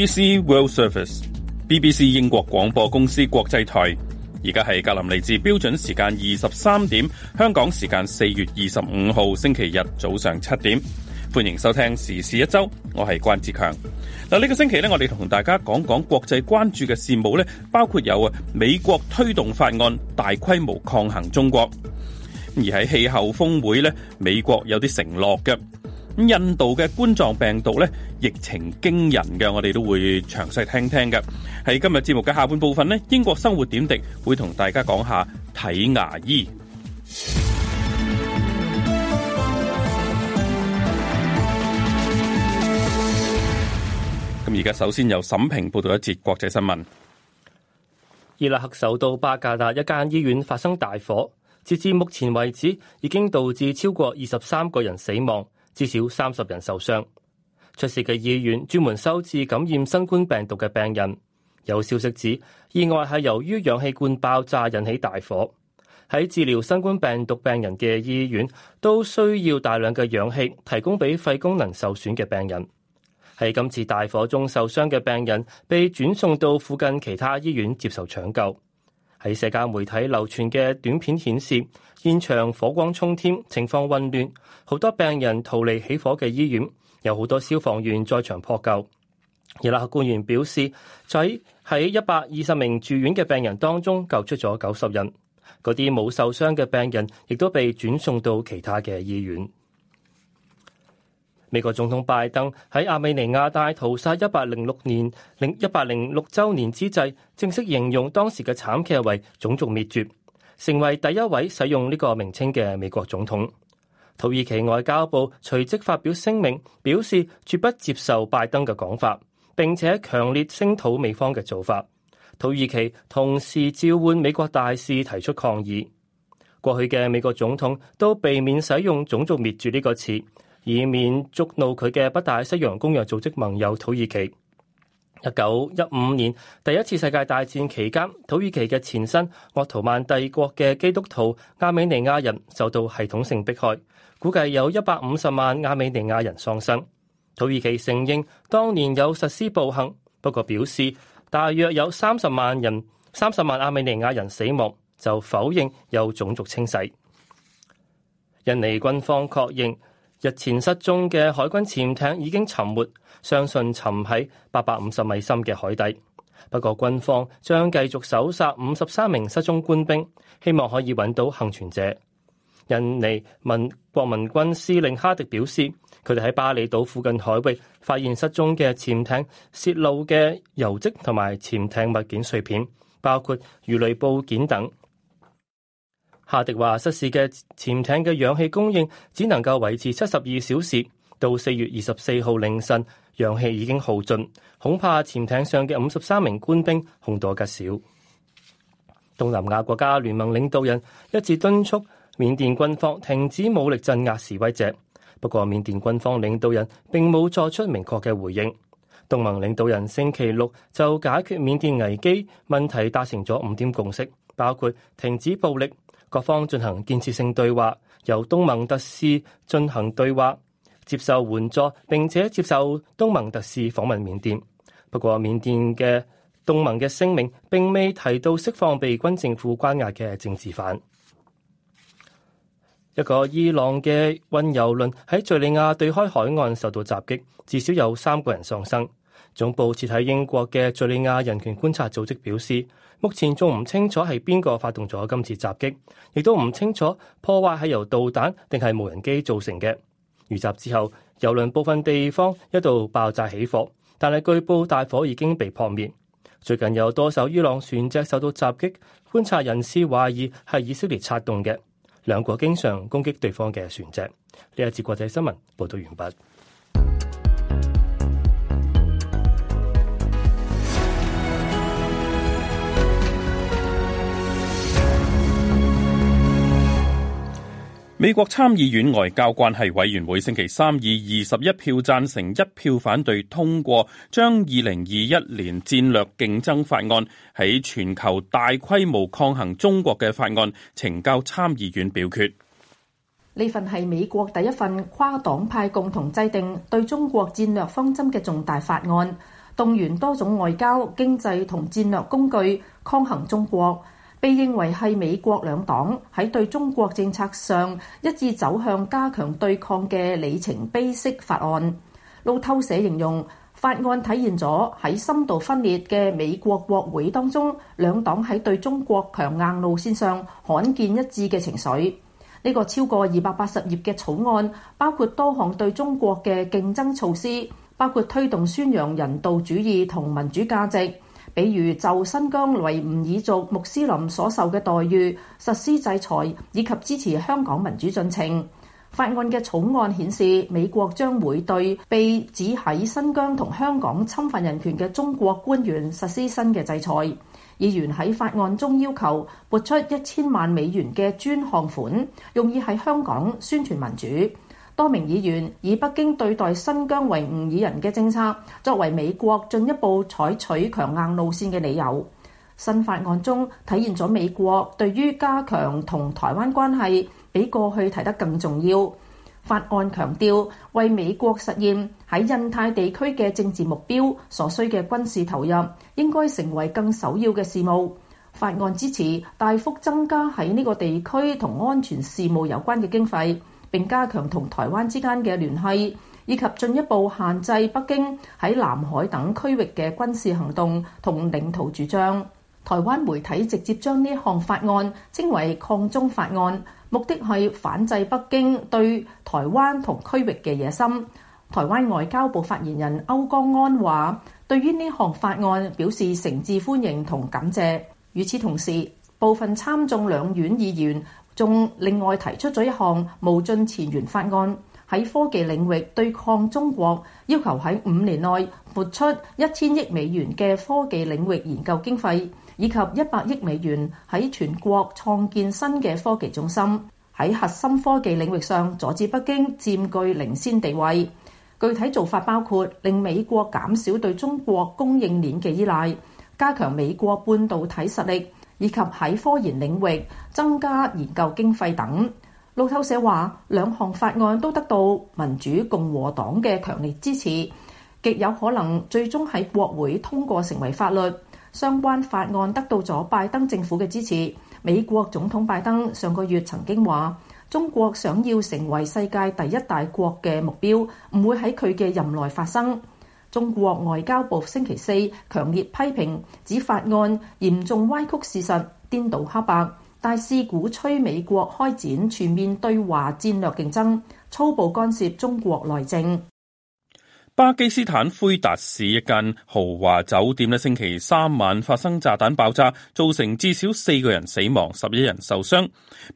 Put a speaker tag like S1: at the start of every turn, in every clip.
S1: BBC World Service，BBC 英國廣播公司國際台，而家係格林尼治標準時間二十三點，香港時間四月二十五號星期日早上七點，歡迎收聽時事一周，我係關志強。嗱，呢個星期咧，我哋同大家講講國際關注嘅事務咧，包括有啊，美國推動法案大規模抗衡中國，而喺氣候峰會咧，美國有啲承諾嘅。印度嘅冠狀病毒咧，疫情驚人嘅，我哋都會詳細聽聽嘅。喺今日節目嘅下半部分咧，英國生活點滴會同大家講下睇牙醫。咁而家首先由沈平報道一節國際新聞。
S2: 伊拉克首都巴格達一間醫院發生大火，截至目前為止，已經導致超過二十三個人死亡。至少三十人受傷。出事嘅醫院專門收治感染新冠病毒嘅病人。有消息指，意外係由於氧氣罐爆炸引起大火。喺治療新冠病毒病人嘅醫院都需要大量嘅氧氣，提供俾肺功能受損嘅病人。喺今次大火中受傷嘅病人被轉送到附近其他醫院接受搶救。喺社交媒體流傳嘅短片顯示，現場火光沖天，情況混亂，好多病人逃離起火嘅醫院，有好多消防員在場撲救。伊拉克官員表示，在喺一百二十名住院嘅病人當中，救出咗九十人，嗰啲冇受傷嘅病人亦都被轉送到其他嘅醫院。美國總統拜登喺亞美尼亞大屠殺一百零六年零一百零六周年之際，正式形容當時嘅慘劇為種族滅絕，成為第一位使用呢個名稱嘅美國總統。土耳其外交部隨即發表聲明，表示絕不接受拜登嘅講法，並且強烈聲討美方嘅做法。土耳其同時召喚美國大使提出抗議。過去嘅美國總統都避免使用種族滅絕呢個詞。以免觸怒佢嘅北大西洋公約組織盟友土耳其。一九一五年第一次世界大戰期間，土耳其嘅前身鄂圖曼帝國嘅基督徒亞美尼亞人受到系統性迫害，估計有一百五十萬亞美尼亞人喪生。土耳其承認當年有實施暴行，不過表示大約有三十萬人，三十萬亞美尼亞人死亡，就否認有種族清洗。印尼軍方確認，日前失蹤嘅海軍潛艇已經沉沒，相信沉喺八百五十米深嘅海底。不過軍方將繼續搜索五十三名失蹤官兵，希望可以揾到倖存者。印尼民國民軍司令哈迪表示，佢哋喺巴厘島附近海域發現失蹤嘅潛艇洩漏嘅油漬同埋潛艇物件碎片，包括魚雷部件等。夏迪話，失事嘅潛艇嘅氧氣供應只能夠維持七十二小時，到四月二十四號凌晨，氧氣已經耗盡，恐怕潛艇上嘅五十三名官兵凶多吉少。東南亞國家聯盟領導人一致敦促緬甸軍方停止武力鎮壓示威者，不過緬甸軍方領導人並冇作出明確嘅回應。東盟領導人星期六就解決緬甸危機問題達成咗五點共識，包括停止暴力。各方進行建設性對話，由東盟特使進行對話，接受援助並且接受東盟特使訪問緬甸。不過，緬甸嘅東盟嘅聲明並未提到釋放被軍政府關押嘅政治犯。一個伊朗嘅運油輪喺敍利亞對開海岸受到襲擊，至少有三個人喪生。總部設喺英國嘅敍利亞人權觀察組織表示，目前仲唔清楚係邊個發動咗今次襲擊，亦都唔清楚破壞係由導彈定係無人機造成嘅。遇襲之後，油輪部分地方一度爆炸起火，但係據報大火已經被撲滅。最近有多艘伊朗船隻受到襲擊，觀察人士懷疑係以色列策動嘅。兩國經常攻擊對方嘅船隻。呢一節國際新聞報道完畢。
S1: 美國參議院外交關係委員會星期三以二十一票贊成，一票反對通過，將二零二一年戰略競爭法案喺全球大規模抗衡中國嘅法案呈交參議院表決。
S3: 呢份係美國第一份跨黨派共同制定對中國戰略方針嘅重大法案，動員多種外交、經濟同戰略工具抗衡中國。被認為係美國兩黨喺對中國政策上一致走向加強對抗嘅里程碑式法案。路透社形容法案體現咗喺深度分裂嘅美國國會當中，兩黨喺對中國強硬路線上罕見一致嘅情緒。呢個超過二百八十頁嘅草案包括多項對中國嘅競爭措施，包括推動宣揚人道主義同民主價值，比如就新疆維吾爾族穆斯林所受嘅待遇實施制裁，以及支持香港民主進程法案嘅草案顯示，美國將會對被指喺新疆同香港侵犯人權嘅中國官員實施新嘅制裁。議員喺法案中要求撥出一千萬美元嘅專項款，用以喺香港宣傳民主。多名議員以北京對待新疆維吾爾人嘅政策，作為美國進一步採取強硬路線嘅理由。新法案中體現咗美國對於加強同台灣關係比過去提得更重要。法案強調，為美國實現喺印太地區嘅政治目標所需嘅軍事投入，應該成為更首要嘅事務。法案支持大幅增加喺呢個地區同安全事務有關嘅經費。並加強同台灣之間嘅聯繫，以及進一步限制北京喺南海等區域嘅軍事行動同領土主張。台灣媒體直接將呢項法案稱為抗中法案，目的係反制北京對台灣同區域嘅野心。台灣外交部發言人歐江安話：對於呢項法案表示誠摯歡迎同感謝。與此同時，部分參眾兩院議員，仲另外提出咗一項無盡前沿法案，喺科技領域對抗中國要求喺五年內撥出一千億美元嘅科技領域研究經費，以及一百億美元喺全國創建新嘅科技中心。喺核心科技領域上，阻止北京佔據領先地位。具體做法包括令美國減少對中國供應鏈嘅依賴，加強美國半導體實力，以及喺科研領域增加研究經費等。路透社話，兩項法案都得到民主共和黨嘅強烈支持，極有可能最終喺國會通過成為法律。相關法案得到咗拜登政府嘅支持。美國總統拜登上個月曾經話，中國想要成為世界第一大國嘅目標，唔會喺佢嘅任內發生。中國外交部星期四強烈批評指法案嚴重歪曲事實、顛倒黑白，大肆鼓吹美國開展全面對華戰略競爭，粗暴干涉中國內政。
S1: 巴基斯坦灰達市一間豪華酒店咧星期三晚發生炸彈爆炸，造成至少四個人死亡，十一人受傷。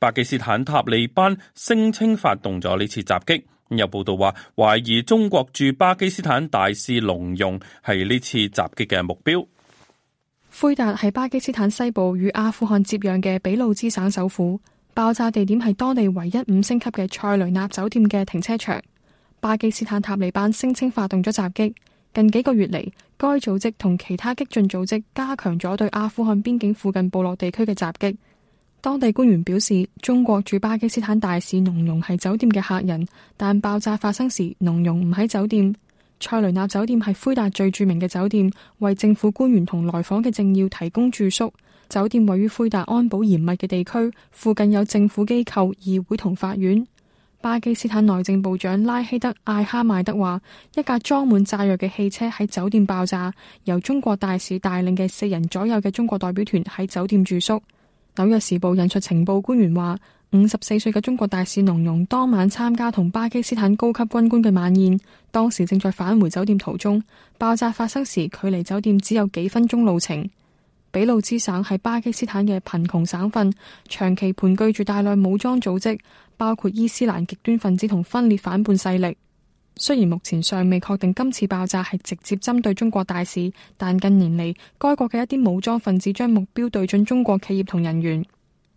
S1: 巴基斯坦塔利班聲稱發動咗呢次襲擊。有報道話，懷疑中國駐巴基斯坦大使農融係呢次襲擊嘅目標。
S4: 奎達喺巴基斯坦西部與阿富汗接壤嘅俾路支省首府，爆炸地點係當地唯一五星級嘅塞雷納酒店嘅停車場。巴基斯坦塔利班聲稱發動咗襲擊。近幾個月嚟，該組織同其他激進組織加強咗對阿富汗邊境附近部落地區嘅襲擊。當地官員表示，中國駐巴基斯坦大使農融係酒店嘅客人，但爆炸發生時，農融唔喺酒店。塞雷納酒店係奎達最著名嘅酒店，為政府官員同來訪嘅政要提供住宿。酒店位於奎達安保嚴密嘅地區，附近有政府機構、議會同法院。巴基斯坦內政部長拉希德·艾哈邁德話，一架裝滿炸藥嘅汽車喺酒店爆炸，由中國大使帶領嘅四人左右嘅中國代表團喺酒店住宿。紐約時報引述情報官員話，五十四歲嘅中國大使農融當晚參加同巴基斯坦高級軍官嘅晚宴，當時正在返回酒店途中。爆炸發生時，距離酒店只有幾分鐘路程。俾路支省係巴基斯坦嘅貧窮省份，長期盤踞住大量武裝組織，包括伊斯蘭極端分子同分裂反叛勢力。雖然目前尚未確定今次爆炸係直接針對中國大使，但近年嚟該國嘅一啲武裝分子將目標對準中國企業同人員。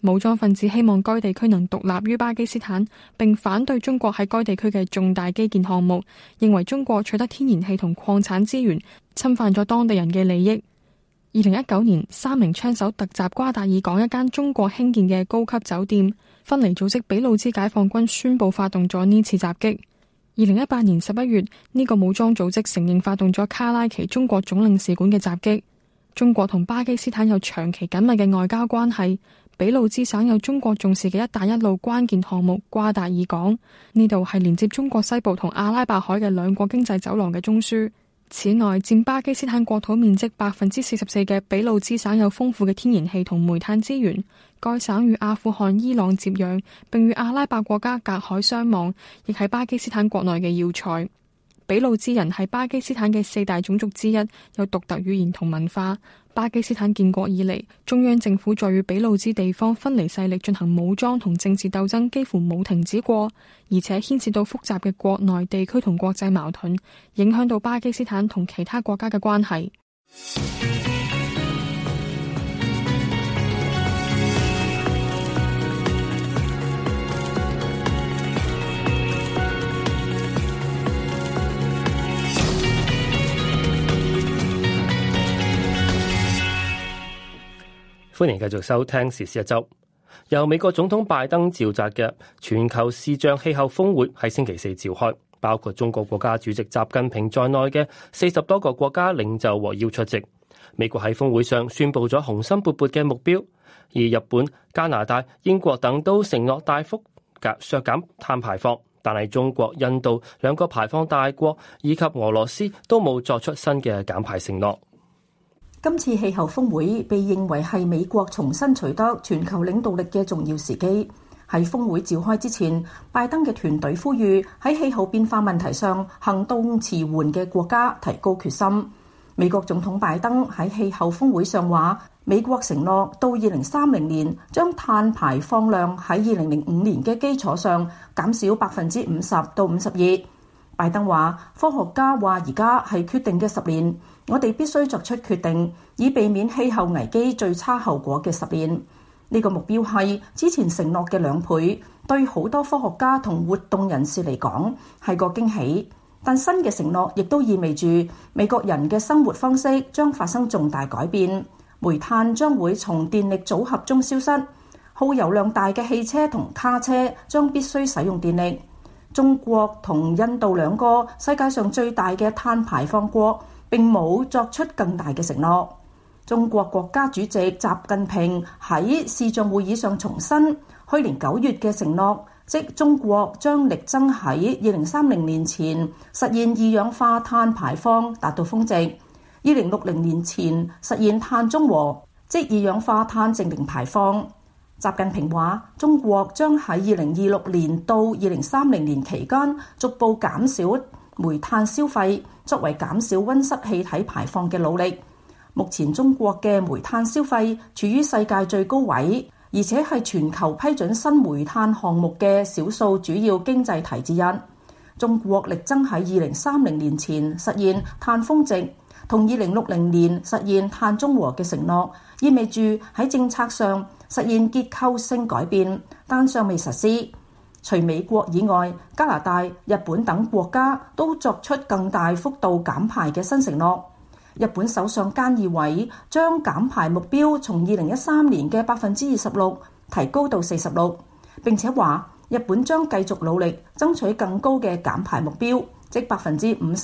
S4: 武裝分子希望該地區能獨立於巴基斯坦，並反對中國喺該地區嘅重大基建項目，認為中國取得天然氣同礦產資源，侵犯咗當地人嘅利益。二零一九年，三名槍手特襲瓜達爾港一間中國興建嘅高級酒店，分離組織俾路支解放軍宣布發動咗呢次襲擊。二零一八年十一月，呢個武裝組織承認發動咗卡拉奇中國總領事館嘅襲擊。中國同巴基斯坦有長期緊密嘅外交關係。俾路支省有中國重視嘅一帶一路關鍵項目瓜達爾港，呢度係連接中國西部同阿拉伯海嘅兩國經濟走廊嘅中樞。此外，佔巴基斯坦國土面積百分之四十四嘅俾路支省有豐富嘅天然氣同煤炭資源。該省與阿富汗、伊朗接壤，並與阿拉伯國家隔海相望，亦係巴基斯坦國內嘅要塞。俾路支人係巴基斯坦嘅四大種族之一，有獨特語言同文化。巴基斯坦建國以嚟，中央政府在與俾路支地方分離勢力進行武裝同政治鬥爭，幾乎冇停止過，而且牽涉到複雜嘅國內地區同國際矛盾，影響到巴基斯坦同其他國家嘅關係。
S2: 歡迎繼續收聽時事一周。由美國總統拜登召集嘅全球視像氣候峰會喺星期四召開，包括中國國家主席習近平在內嘅四十多個國家領袖獲邀出席。美國喺峰會上宣布咗雄心勃勃嘅目標，而日本、加拿大、英國等都承諾大幅削減碳排放，但係中國、印度兩個排放大國以及俄羅斯都冇作出新嘅減排承諾。
S3: 今次氣候峰會被認為係美國重新取得全球領導力嘅重要時機。喺峰會召開之前，拜登嘅團隊呼籲喺氣候變化問題上行動遲緩嘅國家提高決心。美國總統拜登喺氣候峰會上話：美國承諾到二零三零年將碳排放量喺二零零五年嘅基礎上減少百分之五十到五十二。拜登話：科學家話而家係決定嘅十年。我哋必須作出決定，以避免氣候危機最差後果嘅實現。呢個目標係之前承諾嘅兩倍，對好多科學家同活動人士嚟講係個驚喜。但新嘅承諾亦都意味住美國人嘅生活方式將發生重大改變，煤炭將會從電力組合中消失，耗油量大嘅汽車同卡車將必須使用電力。中國同印度兩個世界上最大嘅碳排放國，並冇作出更大嘅承諾。中國國家主席習近平喺視像會議上重申去年九月嘅承諾，即中國將力爭喺二零三零年前實現二氧化碳排放達到峰值，二零六零年前實現碳中和，即二氧化碳淨零排放。習近平話：中國將喺二零二六年到二零三零年期間逐步減少煤炭消費作為減少温室氣體排放嘅努力，目前中國嘅煤炭消費處於世界最高位，而且係全球批准新煤炭項目嘅少數主要經濟體之一。中國力爭喺二零三零年前實現碳峰值，同二零六零年實現碳中和嘅承諾，意味住喺政策上實現結構性改變，但尚未實施。除美國以外，加拿大、日本等國家都作出更大幅度減排嘅新承諾。日本首相菅義偉將減排目標從二零一三年嘅百分之二十六提高到四十六，並且話日本將繼續努力爭取更高嘅減排目標，即百分之五十。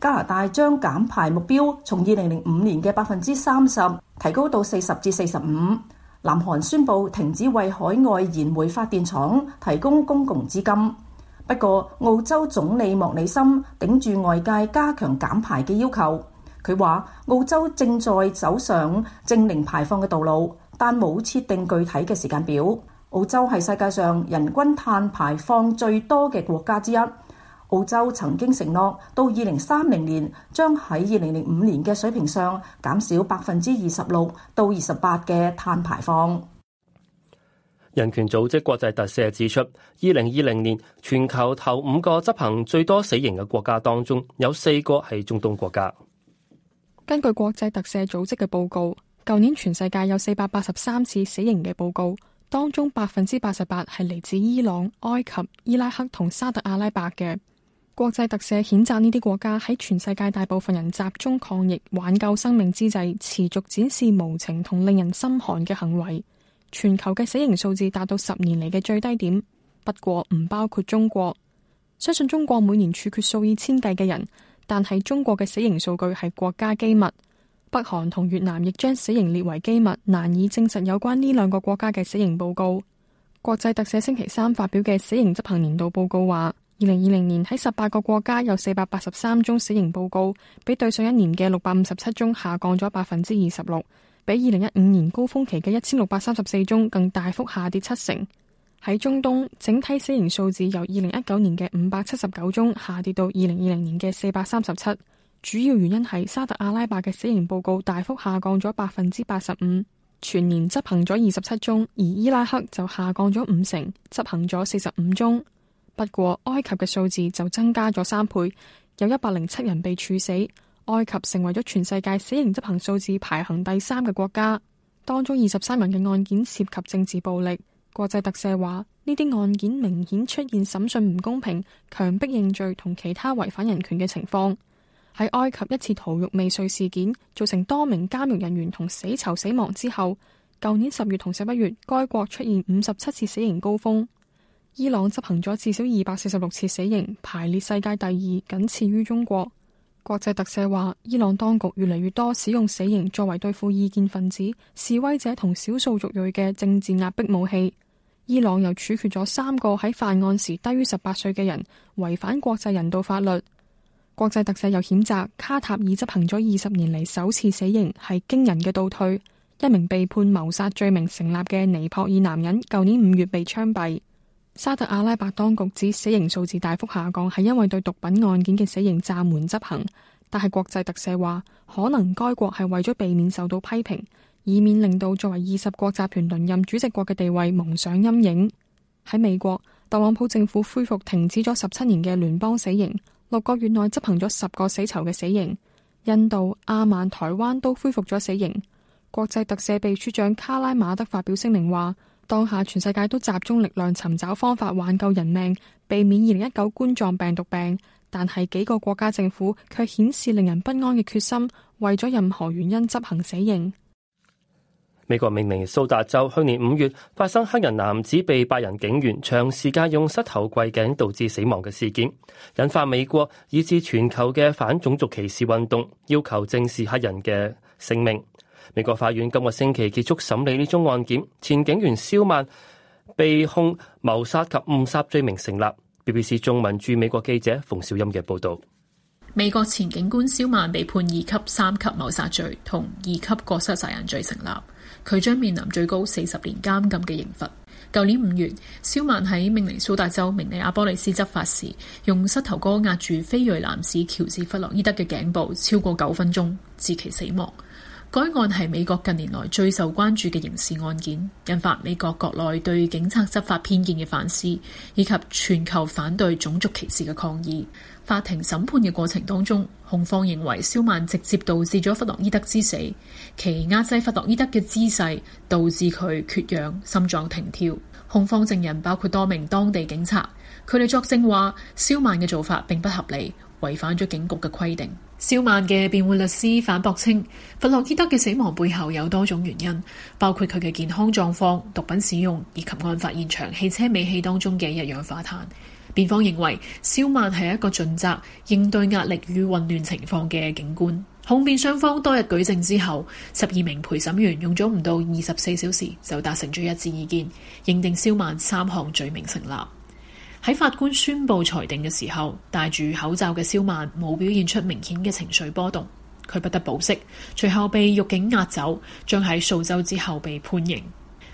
S3: 加拿大將減排目標從二零零五年嘅百分之三十提高到四十至四十五。南韓宣布停止為海外燃煤發電廠提供公共資金。不過，澳洲總理莫里森頂住外界加強減排嘅要求，佢話澳洲正在走上淨零排放嘅道路，但冇設定具體嘅時間表。澳洲係世界上人均碳排放最多嘅國家之一。澳洲曾經承諾，到二零三零年將喺二零零五年嘅水平上減少百分之二十六到二十八嘅碳排放。
S2: 人權組織國際特赦指出，二零二零年全球頭五個執行最多死刑嘅國家當中有四個係中東國家。
S4: 根據國際特赦組織嘅報告，舊年全世界有四百八十三次死刑嘅報告，當中百分之八十八係嚟自伊朗、埃及、伊拉克同沙特阿拉伯嘅。國際特赦譴責呢啲國家喺全世界大部分人集中抗疫、挽救生命之際，持續展示無情同令人心寒嘅行為。全球嘅死刑數字達到十年嚟嘅最低點，不過唔包括中國。相信中國每年處決數以千計嘅人，但係中國嘅死刑數據係國家機密。北韓同越南亦將死刑列為機密，難以證實有關呢兩個國家嘅死刑報告。國際特赦星期三發表嘅死刑執行年度報告話：二零二零年喺十八個國家有四百八十三宗死刑報告，比對上一年嘅六百五十七宗下降咗百分之二十六，比二零一五年高峰期嘅一千六百三十四宗更大幅下跌七成。喺中東，整體死刑數字由二零一九年嘅五百七十九宗下跌到二零二零年嘅四百三十七，主要原因係沙特阿拉伯嘅死刑報告大幅下降咗百分之八十五，全年執行咗二十七宗，而伊拉克就下降咗五成，執行咗四十五宗。不過埃及嘅數字就增加咗三倍，有一百零七人被處死，埃及成為咗全世界死刑執行數字排行第三嘅國家。當中二十三人嘅案件涉及政治暴力。國際特赦話呢啲案件明顯出現審訊唔公平、強逼認罪同其他違反人權嘅情況。喺埃及一次逃獄未遂事件造成多名監獄人員同死囚死亡之後，舊年十月同十一月該國出現五十七次死刑高峰。伊朗執行咗至少二百四十六次死刑，排列世界第二，僅次於中國。國際特赦話，伊朗當局越嚟越多使用死刑作為對付異見分子、示威者同少數族裔嘅政治壓迫武器。伊朗又處決咗三個喺犯案時低於十八歲嘅人，違反國際人道法律。國際特赦又譴責卡塔爾執行咗二十年嚟首次死刑，係驚人嘅倒退。一名被判謀殺罪名成立嘅尼泊爾男人，舊年五月被槍斃。沙特阿拉伯當局指死刑數字大幅下降，係因為對毒品案件嘅死刑暫緩執行，但係國際特赦話可能該國係為咗避免受到批評，以免令到作為二十國集團輪任主席國嘅地位蒙上陰影。喺美國，特朗普政府恢復停止咗十七年嘅聯邦死刑，六個月內執行咗十個死囚嘅死刑。印度、阿曼、台灣都恢復咗死刑。國際特赦秘書長卡拉馬德發表聲明話。當下全世界都集中力量尋找方法挽救人命，避免二零一九冠狀病毒病。但係幾個國家政府卻顯示令人不安嘅決心，為咗任何原因執行死刑。
S2: 美國明尼蘇達州去年五月發生黑人男子被白人警員長時間用膝頭跪頸導致死亡嘅事件，引發美國以至全球嘅反種族歧視運動，要求正視黑人嘅性命。美國法院今個星期結束審理呢宗案件，前警員肖曼被控謀殺及誤殺罪名成立。BBC 中文駐美國記者馮小音嘅報道：
S5: 美國前警官肖曼被判二級、三級謀殺罪同二級過失殺人罪成立，佢將面臨最高四十年監禁嘅刑罰。舊年五月，肖曼喺明尼蘇達州明尼阿波利斯執法時，用膝頭哥壓住非裔男子喬治弗洛伊德嘅頸部超過九分鐘，致其死亡。該案係美國近年來最受關注嘅刑事案件，引發美國國內對警察執法偏見嘅反思，以及全球反對種族歧視嘅抗議。法庭審判嘅過程當中，控方認為蕭曼直接導致咗弗洛伊德之死，其壓制弗洛伊德嘅姿勢導致佢缺氧、心臟停跳。控方證人包括多名當地警察，佢哋作證話蕭曼嘅做法並不合理，違反咗警局嘅規定。肖曼嘅辯護律師反駁稱，弗洛伊德嘅死亡背後有多種原因，包括佢嘅健康狀況、毒品使用以及案發現場汽車尾氣當中嘅一氧化碳。辯方認為，肖曼係一個盡責、應對壓力與混亂情況嘅警官。控辯雙方多日舉證之後，十二名陪審員用咗唔到二十四小時就達成咗一致意見，認定肖曼三項罪名成立。喺法官宣布裁定嘅時候，戴住口罩嘅肖曼冇表現出明顯嘅情緒波動，佢不得保釋，隨後被獄警押走，將喺數周之後被判刑。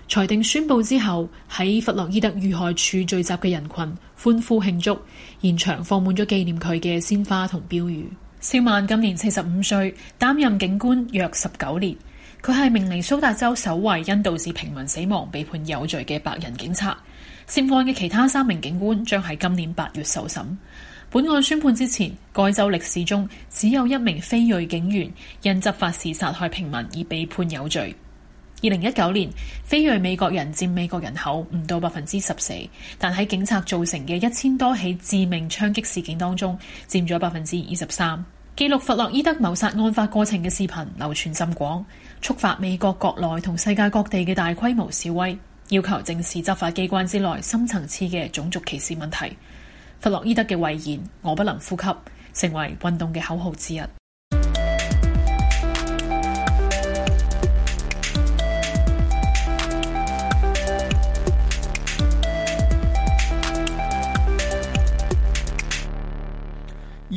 S5: 裁定宣布之後，喺弗洛伊德遇害處聚集嘅人群歡呼慶祝，現場放滿咗紀念佢嘅鮮花同標語。肖曼今年四十五歲，擔任警官約十九年，佢係明尼蘇達州首位因導致平民死亡被判有罪嘅白人警察。涉案嘅其他三名警官將喺今年八月受審。本案宣判之前，該州歷史中只有一名非裔警員因執法時殺害平民而被判有罪。二零一九年，非裔美國人占美，美國人口唔到百分之十四，但喺警察造成嘅一千多起致命槍擊事件當中，佔咗百分之二十三。記錄弗洛伊德謀殺案發過程嘅視頻流傳甚廣，觸發美國國內同世界各地嘅大規模示威。要求正視執法機關之內深層次嘅種族歧視問題。弗洛伊德嘅遺言：我不能呼吸，成為運動嘅口號之一。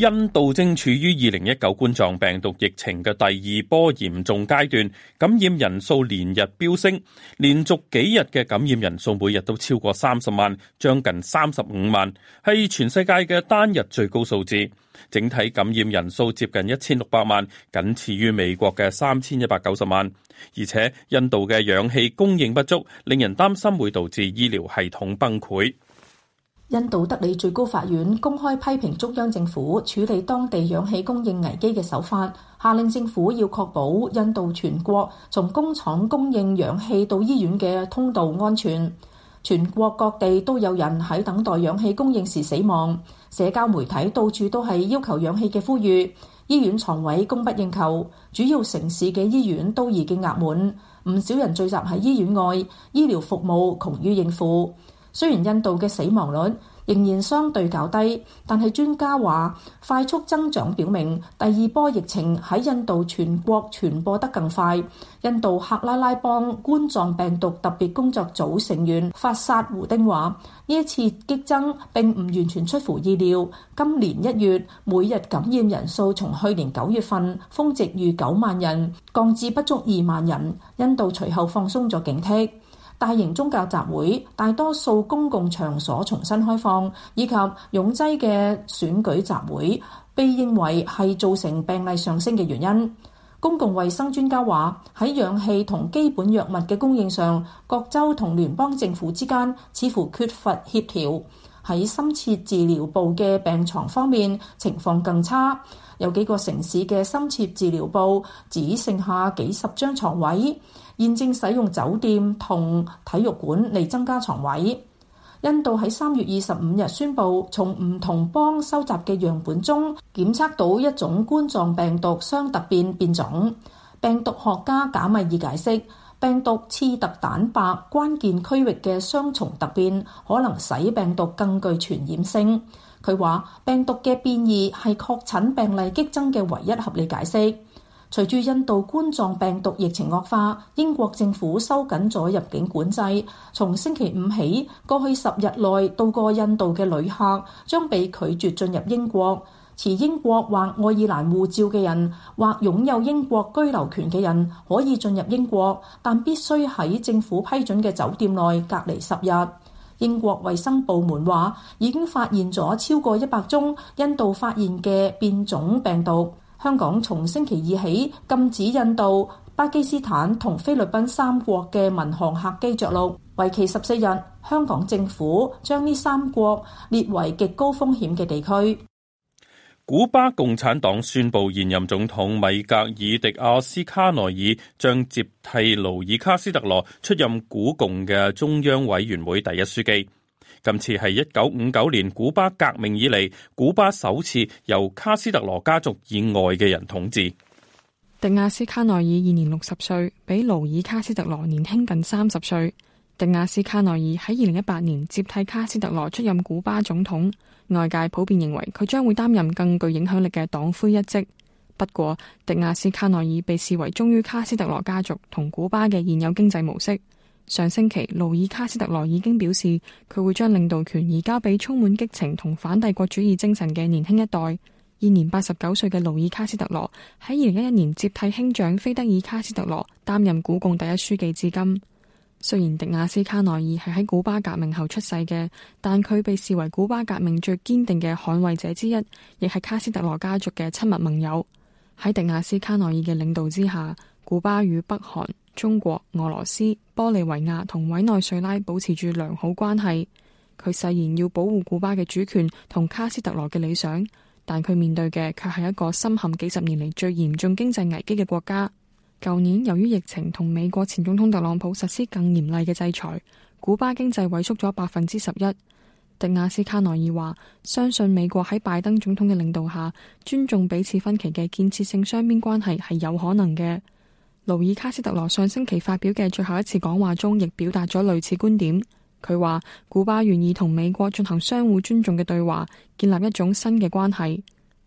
S1: 印度正處於二零一九冠狀病毒疫情嘅第二波嚴重階段，感染人數連日飆升，連續幾日嘅感染人數每日都超過三十萬，將近三十五萬，係全世界嘅單日最高數字。整體感染人數接近一千六百萬，僅次於美國嘅三千一百九十萬。而且，印度嘅氧氣供應不足，令人擔心會導致醫療系統崩潰。
S3: 印度德里最高法院公開批評中央政府處理當地氧氣供應危機嘅手法，下令政府要確保印度全國從工廠供應氧氣到醫院嘅通道安全。全國各地都有人喺等待氧氣供應時死亡，社交媒體到處都係要求氧氣嘅呼籲。醫院床位供不應求，主要城市嘅醫院都已經壓滿，唔少人聚集喺醫院外，醫療服務窮於應付。雖然印度嘅死亡率仍然相對較低，但係專家話快速增長表明第二波疫情喺印度全國傳播得更快。印度克拉拉邦冠狀病毒特別工作組成員法薩胡丁話：呢次激增並唔完全出乎意料。今年一月每日感染人數從去年九月份峰值逾九萬人降至不足二萬人，印度隨後放鬆咗警惕。大型宗教集會、大多數公共場所重新開放，以及擁擠嘅選舉集會，被認為係造成病例上升嘅原因。公共衛生專家話，喺氧氣同基本藥物嘅供應上，各州同聯邦政府之間似乎缺乏協調。喺深切治療部嘅病床方面，情況更差。有幾個城市嘅深切治療部只剩下幾十張床位，現正使用酒店同體育館嚟增加床位。印度喺三月二十五日宣布，從唔同邦收集嘅樣本中，檢測到一種冠狀病毒雙突變變種。病毒學家賈米爾解釋。病毒刺突蛋白關鍵區域嘅雙重突變可能使病毒更具傳染性。佢話：病毒嘅變異係確診病例激增嘅唯一合理解釋。隨住印度冠狀病毒疫情惡化，英國政府收緊咗入境管制，從星期五起，過去十日內到過印度嘅旅客將被拒絕進入英國。持英國或愛爾蘭護照嘅人，或擁有英國居留權嘅人，可以進入英國，但必須喺政府批准嘅酒店內隔離十日。英國衛生部門話已經發現咗超過一百宗印度發現嘅變種病毒。香港從星期二起禁止印度、巴基斯坦同菲律賓三國嘅民航客機着陸，為期十四日。香港政府將呢三國列為極高風險嘅地區。古巴
S1: 共產黨宣布現任總統米格爾·迪亞斯·卡內爾將接替勞爾·卡斯特羅出任古共嘅中央委員會第一書記。今次係一九五九年古巴革命以嚟，古巴首次由卡斯特羅家族以外嘅人統治。
S4: 迪亞斯·卡內爾現年六十歲，比勞爾·卡斯特羅年輕近三十歲。迪亞斯·卡內爾喺二零一八年接替卡斯特羅出任古巴總統。外界普遍認為佢將會擔任更具影響力嘅黨魁一職。不過，迪亞斯卡內爾被視為忠於卡斯特羅家族同古巴嘅現有經濟模式。上星期，勞爾卡斯特羅已經表示佢會將領導權移交俾充滿激情同反帝國主義精神嘅年輕一代。現年八十九歲嘅勞爾卡斯特羅喺二零一一年接替兄長菲德爾卡斯特羅擔任古共第一書記至今。雖然迪亞斯卡內爾係喺古巴革命後出世嘅，但佢被視為古巴革命最堅定嘅捍衛者之一，亦係卡斯特羅家族嘅親密盟友。喺迪亞斯卡內爾嘅領導之下，古巴與北韓、中國、俄羅斯、玻利維亞同委內瑞拉保持住良好關係。佢誓言要保護古巴嘅主權同卡斯特羅嘅理想，但佢面對嘅卻係一個深陷幾十年嚟最嚴重經濟危機嘅國家。舊年由於疫情同美國前總統特朗普實施更嚴厲嘅制裁，古巴經濟萎縮咗百分之十一。迪亞斯卡內爾話：相信美國喺拜登總統嘅領導下，尊重彼此分歧嘅建設性雙邊關係係有可能嘅。勞爾卡斯特羅上星期發表嘅最後一次講話中，亦表達咗類似觀點。佢話古巴願意同美國進行相互尊重嘅對話，建立一種新嘅關係。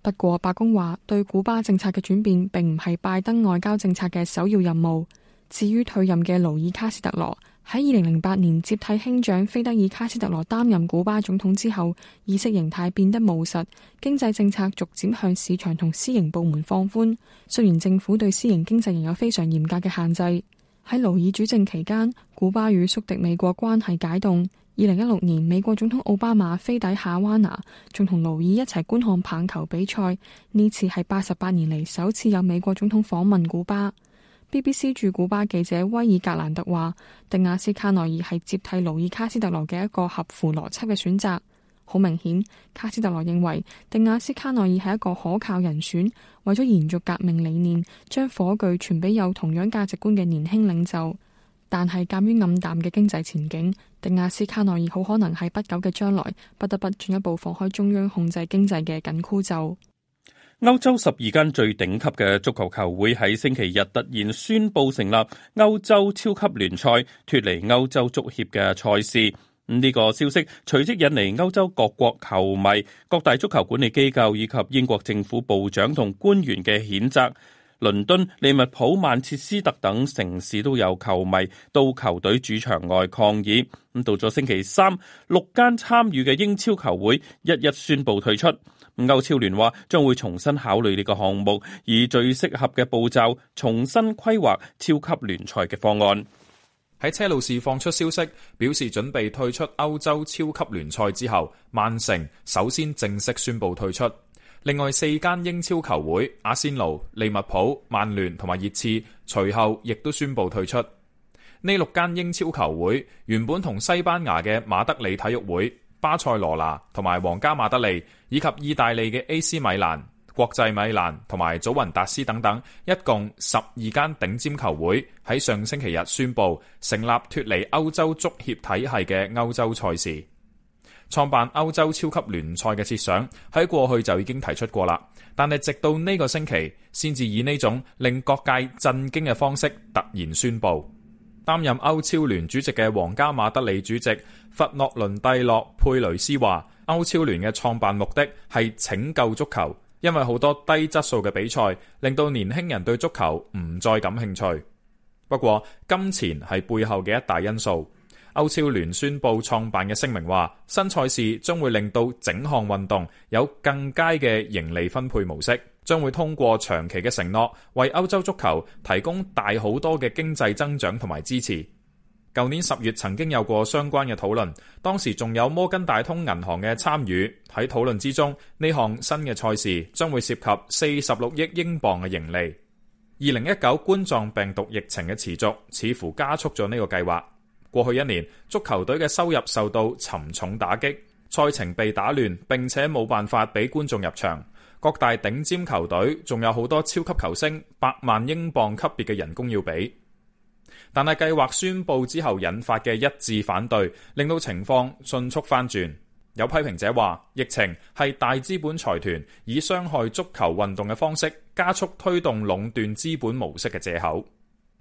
S4: 不過，白宮話對古巴政策嘅轉變，並唔係拜登外交政策嘅首要任務。至於退任嘅勞爾卡斯特羅，喺二零零八年接替兄長菲德爾卡斯特羅擔任古巴總統之後，意識形態變得務實，經濟政策逐漸向市場同私營部門放寬，雖然政府對私營經濟仍有非常嚴格嘅限制。喺勞爾主政期間，古巴與宿敵美國關係解凍。二零一六年，美國總統奧巴馬飛抵夏灣拿，仲同勞爾一齊觀看棒球比賽。呢次係八十八年嚟首次有美國總統訪問古巴。BBC 駐古巴記者威爾格蘭特話，迪亞斯卡內爾係接替勞爾卡斯特羅嘅一個合乎邏輯嘅選擇。好明顯，卡斯特羅認為迪亞斯卡內爾係一個可靠人選，為咗延續革命理念，將火炬傳俾有同樣價值觀嘅年輕領袖。但係鑒於暗淡嘅經濟前景，迪亞斯卡內爾好可能喺不久嘅將來，不得不進一步放開中央控制經濟嘅緊箍咒。
S1: 歐洲十二間最頂級嘅足球球會喺星期日突然宣布成立歐洲超級聯賽，脫離歐洲足協嘅賽事。呢個消息隨即引嚟歐洲各國球迷、各大足球管理機構以及英國政府部長同官員嘅譴責。倫敦、利物浦、曼徹斯特等城市都有球迷到球隊主場外抗議。咁到咗星期三，六間參與嘅英超球會一一宣布退出。歐超聯話將會重新考慮呢個項目，以最適合嘅步驟重新規劃超級聯
S6: 賽嘅方案。喺車路士放出消息，表示準備退出歐洲超級聯賽之後，曼城首先正式宣布退出。另外四間英超球會，阿仙奴、利物浦、曼聯同埋熱刺隨後亦都宣布退出。呢六間英超球會原本同西班牙嘅馬德里體育會、巴塞羅那同埋皇家馬德里，以及意大利嘅 A.C. 米蘭。國際米蘭同埋祖雲達斯等等，一共十二間頂尖球會喺上星期日宣布成立脫離歐洲足協體系嘅歐洲賽事。創辦歐洲超級聯賽嘅設想喺過去就已經提出過啦，但係直到呢個星期先至以呢種令各界震驚嘅方式突然宣布。擔任歐超聯主席嘅皇家馬德里主席弗洛倫蒂諾佩雷斯話：歐超聯嘅創辦目的係拯救足球。因為好多低質素嘅比賽，令到年輕人對足球唔再感興趣。不過，金錢係背後嘅一大因素。歐超聯宣布創辦嘅聲明話，新賽事將會令到整項運動有更佳嘅盈利分配模式，將會通過長期嘅承諾，為歐洲足球提供大好多嘅經濟增長同埋支持。舊年十月曾經有過相關嘅討論，當時仲有摩根大通銀行嘅參與喺討論之中。呢項新嘅賽事將會涉及四十六億英鎊嘅盈利。二零一九冠狀病毒疫情嘅持續似乎加速咗呢個計劃。過去一年，足球隊嘅收入受到沉重打擊，賽程被打亂，並且冇辦法俾觀眾入場。各大頂尖球隊仲有好多超級球星，百萬英鎊級別嘅人工要俾。但係計劃宣佈之後引發嘅一致反對，令到情況迅速翻轉。有批評者話：疫情係大資本財團以傷害足球運動嘅方式，加速推動壟斷資本模式嘅藉口。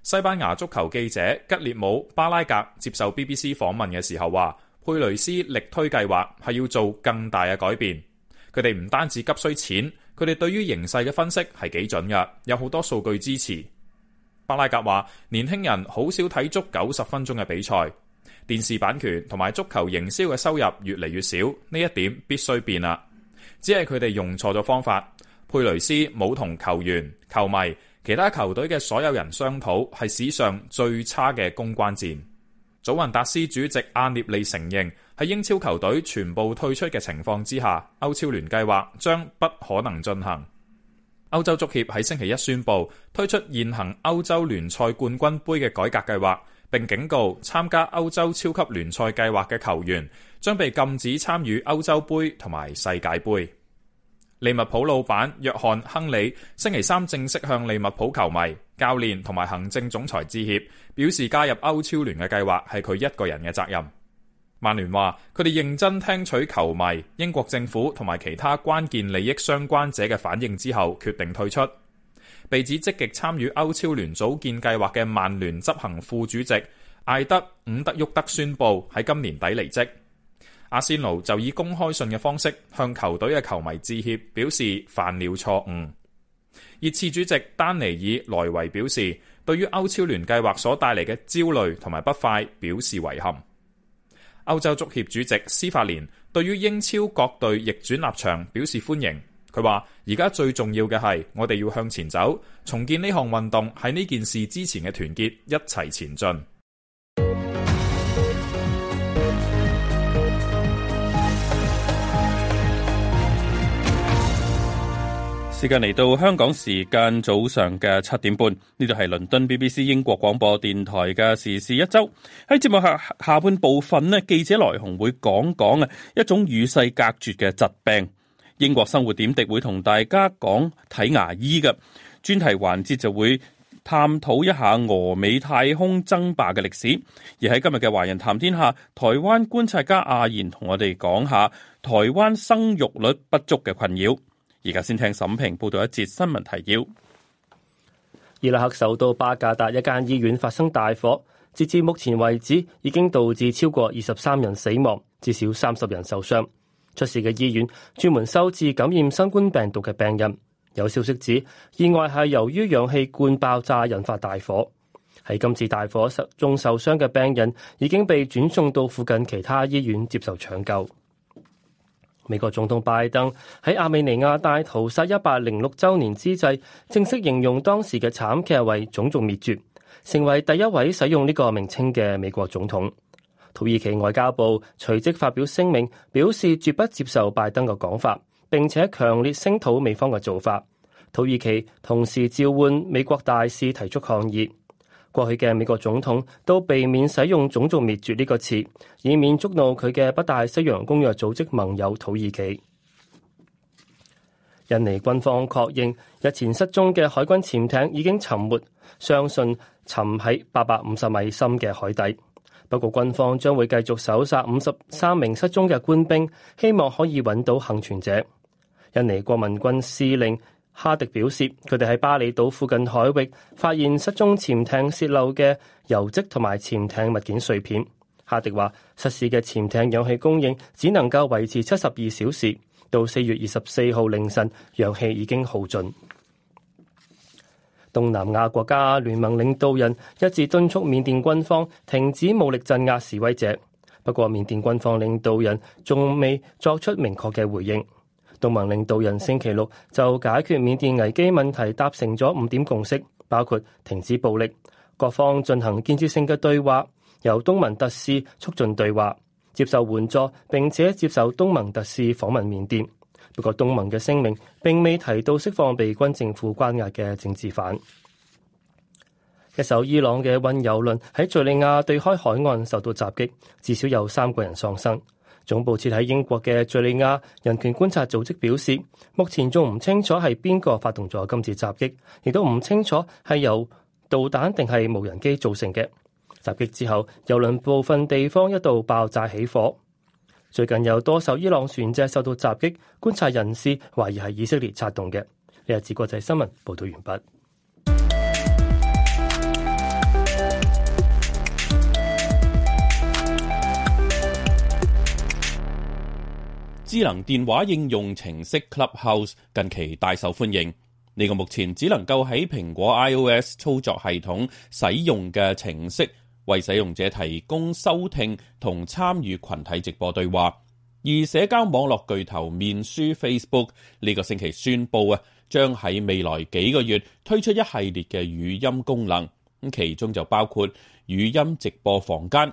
S6: 西班牙足球記者吉列姆巴拉格接受 BBC 訪問嘅時候話：佩雷斯力推計劃係要做更大嘅改變。佢哋唔單止急需錢，佢哋對於形勢嘅分析係幾準㗎，有好多數據支持。巴拉格話，年輕人好少睇足九十分鐘嘅比賽，電視版權同埋足球營銷嘅收入越嚟越少，呢一點必須變啦，只係佢哋用錯咗方法。佩雷斯冇同球員、球迷、其他球隊嘅所有人商討，係史上最差嘅公關戰。祖雲達斯主席阿涅利承認，喺英超球隊全部退出嘅情況之下，歐超聯計劃將不可能進行。歐洲足協喺星期一宣布推出現行歐洲聯賽冠軍盃嘅改革計劃，並警告參加歐洲超級聯賽計劃嘅球員將被禁止參與歐洲盃同埋世界盃。利物浦老闆約翰亨利星期三正式向利物浦球迷、教練同埋行政總裁致歉，表示加入歐超聯嘅計劃係佢一個人嘅責任。曼聯話佢哋認真聽取球迷、英國政府同埋其他關鍵利益相關者嘅反應之後，決定退出。被指積極參與歐超聯組建計劃嘅曼聯執行副主席艾德伍德沃德宣布喺今年底離職。阿仙奴就以公開信嘅方式向球隊嘅球迷致歉，表示犯了錯誤。熱刺主席丹尼爾萊維表示，對於歐超聯計劃所帶嚟嘅焦慮同埋不快表示遺憾。歐洲足協主席施法連對於英超各隊逆轉立場表示歡迎。佢話：而家最重要嘅係，我哋要向前走，重建呢項運動喺呢件事之前嘅團結一，一齊前進。
S1: 時間嚟到香港時間早上嘅七點半，呢度係倫敦 BBC 英國廣播電台嘅時事一周。喺節目下下半部分咧，記者來鴻會講講啊一種與世隔絕嘅疾病。英國生活點滴會同大家講睇牙醫嘅專題環節就會探討一下俄美太空爭霸嘅歷史。而喺今日嘅華人談天下，台灣觀察家阿賢同我哋講下台灣生育率不足嘅困擾。而家先聽沈平報道一節新聞提要。
S2: 伊拉克首都巴格達一間醫院發生大火，截至目前為止，已經導致超過二十三人死亡，至少三十人受傷。出事嘅醫院專門收治感染新冠病毒嘅病人。有消息指，意外係由於氧氣罐爆炸引發大火。喺今次大火中受重傷嘅病人已經被轉送到附近其他醫院接受搶救。美國總統拜登喺亞美尼亞大屠殺一百零六周年之際，正式形容當時嘅慘劇為種族滅絕，成為第一位使用呢個名稱嘅美國總統。土耳其外交部隨即發表聲明，表示絕不接受拜登嘅講法，並且強烈聲討美方嘅做法。土耳其同時召喚美國大使提出抗議。過去嘅美國總統都避免使用種族滅絕呢個詞，以免觸怒佢嘅北大西洋公約組織盟友土耳其。印尼軍方確認日前失蹤嘅海軍潛艇已經沉沒，相信沉喺八百五十米深嘅海底。不過軍方將會繼續搜查五十三名失蹤嘅官兵，希望可以揾到幸存者。印尼國民軍司令，哈迪表示，佢哋喺巴厘島附近海域發現失蹤潛艇洩漏嘅油漬同埋潛艇物件碎片。哈迪話，失事嘅潛艇氧氣供應只能夠維持七十二小時，到四月二十四號凌晨，氧氣已經耗盡。東南亞國家聯盟領導人一致敦促緬甸軍方停止武力鎮壓示威者，不過緬甸軍方領導人仲未作出明確嘅回應。東盟領導人星期六就解決緬甸危機問題達成咗五點共識，包括停止暴力、各方進行建設性嘅對話、由東盟特使促進對話、接受援助，並且接受東盟特使訪問緬甸。不過東盟嘅聲明並未提到釋放被軍政府關押嘅政治犯。一艘伊朗嘅運油輪喺敘利亞對開海岸受到襲擊，至少有三個人喪生。總部設喺英國嘅敘利亞人權觀察組織表示，目前仲唔清楚係邊個發動咗今次襲擊，亦都唔清楚係由導彈定係無人機造成嘅襲擊之後，有兩部分地方一度爆炸起火。最近有多艘伊朗船隻受到襲擊，觀察人士懷疑係以色列策動嘅。呢一節國際新聞報道完畢。
S1: 智能電話應用程式 Clubhouse 近期大受歡迎，呢個目前只能夠喺蘋果 iOS 操作系統使用嘅程式，為使用者提供收聽同參與群體直播對話。而社交網絡巨頭面書 Facebook 呢個星期宣布啊，將喺未來幾個月推出一系列嘅語音功能，咁其中就包括語音直播房間。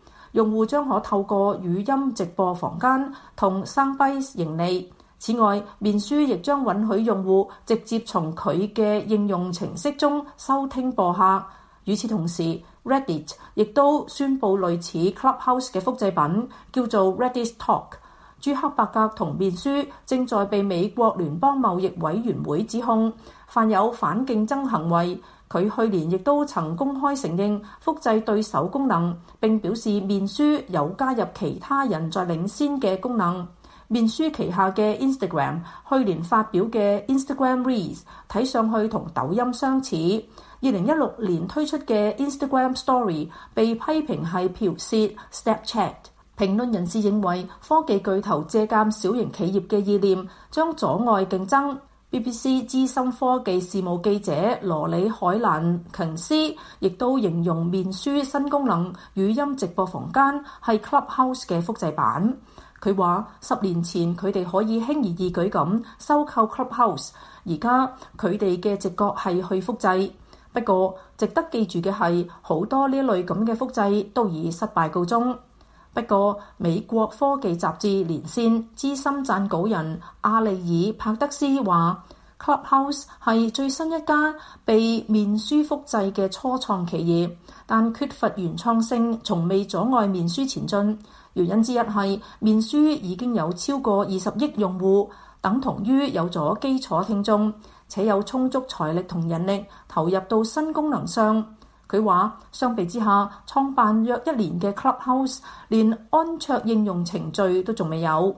S3: 用戶將可透過語音直播房間同生幣盈利。此外，面書亦將允許用戶直接從佢嘅應用程式中收聽播客。與此同時，Reddit 亦都宣布類似 Clubhouse 嘅複製品，叫做 Reddit Talk。朱克伯格同面書正在被美國聯邦貿易委員會指控犯有反競爭行為。佢去年亦都曾公開承認複製對手功能，並表示面書有加入其他人在領先嘅功能。面書旗下嘅 Instagram 去年發表嘅 Instagram Reels 睇上去同抖音相似。二零一六年推出嘅 Instagram Story 被批評係剽竊 Snapchat。評論人士認為科技巨頭借鑑小型企業嘅意念，將阻礙競爭。BBC 資深科技事務記者羅里海蘭瓊斯亦都形容面書新功能語音直播房間係 Clubhouse 嘅複製版。佢話十年前佢哋可以輕而易，易舉咁收購 Clubhouse，而家佢哋嘅直覺係去複製。不過值得記住嘅係，好多呢類咁嘅複製都以失敗告終。不過，美國科技雜誌《連線》資深撰稿人阿利爾·帕德斯話：Clubhouse 係最新一家被面書複製嘅初創企業，但缺乏原創性，從未阻礙面書前進。原因之一係面書已經有超過二十億用戶，等同於有咗基礎聽眾，且有充足財力同人力投入到新功能上。佢話：相比之下，創辦約一年嘅 Clubhouse，連安卓應用程序都仲未有。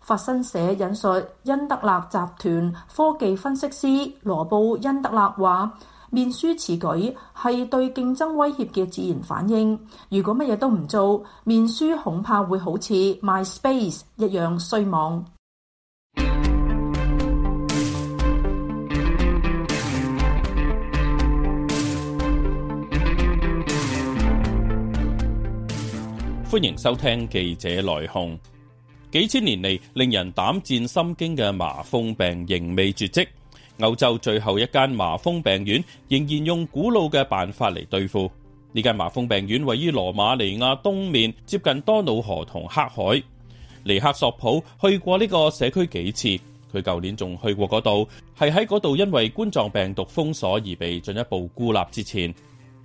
S3: 法新社引述恩德勒集團科技分析師羅布恩德勒話：面書此舉係對競爭威脅嘅自然反應。如果乜嘢都唔做，面書恐怕會好似 MySpace 一樣衰亡。
S1: 歡迎收聽記者來鴻。幾千年嚟令人膽戰心驚嘅麻風病仍未絕迹，歐洲最後一間麻風病院仍然用古老嘅辦法嚟對付。呢間麻風病院位於羅馬尼亞東面，接近多瑙河同黑海。尼克索普去過呢個社區幾次，佢舊年仲去過嗰度，係喺嗰度因為冠狀病毒封鎖而被進一步孤立之前。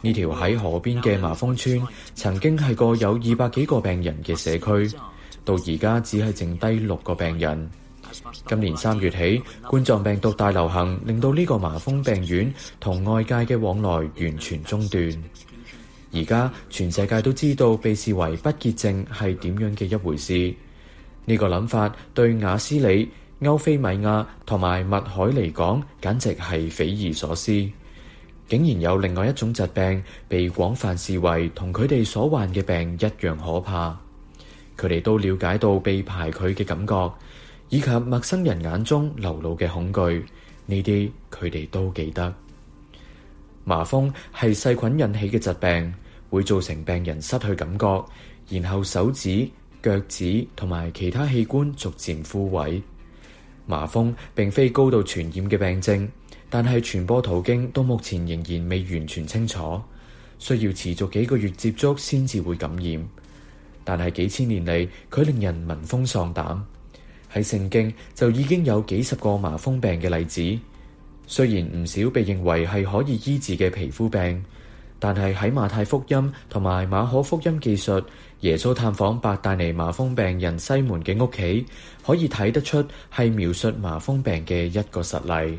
S7: 呢條喺河邊嘅麻風村，曾經係個有二百幾個病人嘅社區，到而家只係剩低六個病人。今年三月起，冠狀病毒大流行令到呢個麻風病院同外界嘅往來完全中斷。而家全世界都知道被視為不潔症係點樣嘅一回事。呢、這個諗法對雅斯里、歐菲米亞同埋麥海嚟講，簡直係匪夷所思。竟然有另外一種疾病，被廣泛視為同佢哋所患嘅病一樣可怕，佢哋都了解到被排拒嘅感覺，以及陌生人眼中流露嘅恐懼，呢啲佢哋都記得。麻風係細菌引起嘅疾病，會造成病人失去感覺，然後手指、腳趾同埋其他器官逐漸枯萎。麻風並非高度傳染嘅病症。但係傳播途徑到目前仍然未完全清楚，需要持續幾個月接觸先至會感染。但係幾千年嚟，佢令人聞風喪膽。喺聖經就已經有幾十個麻風病嘅例子，雖然唔少被認為係可以醫治嘅皮膚病，但係喺馬太福音同埋馬可福音記述耶穌探訪伯大尼麻風病人西門嘅屋企，可以睇得出係描述麻風病嘅一個實例。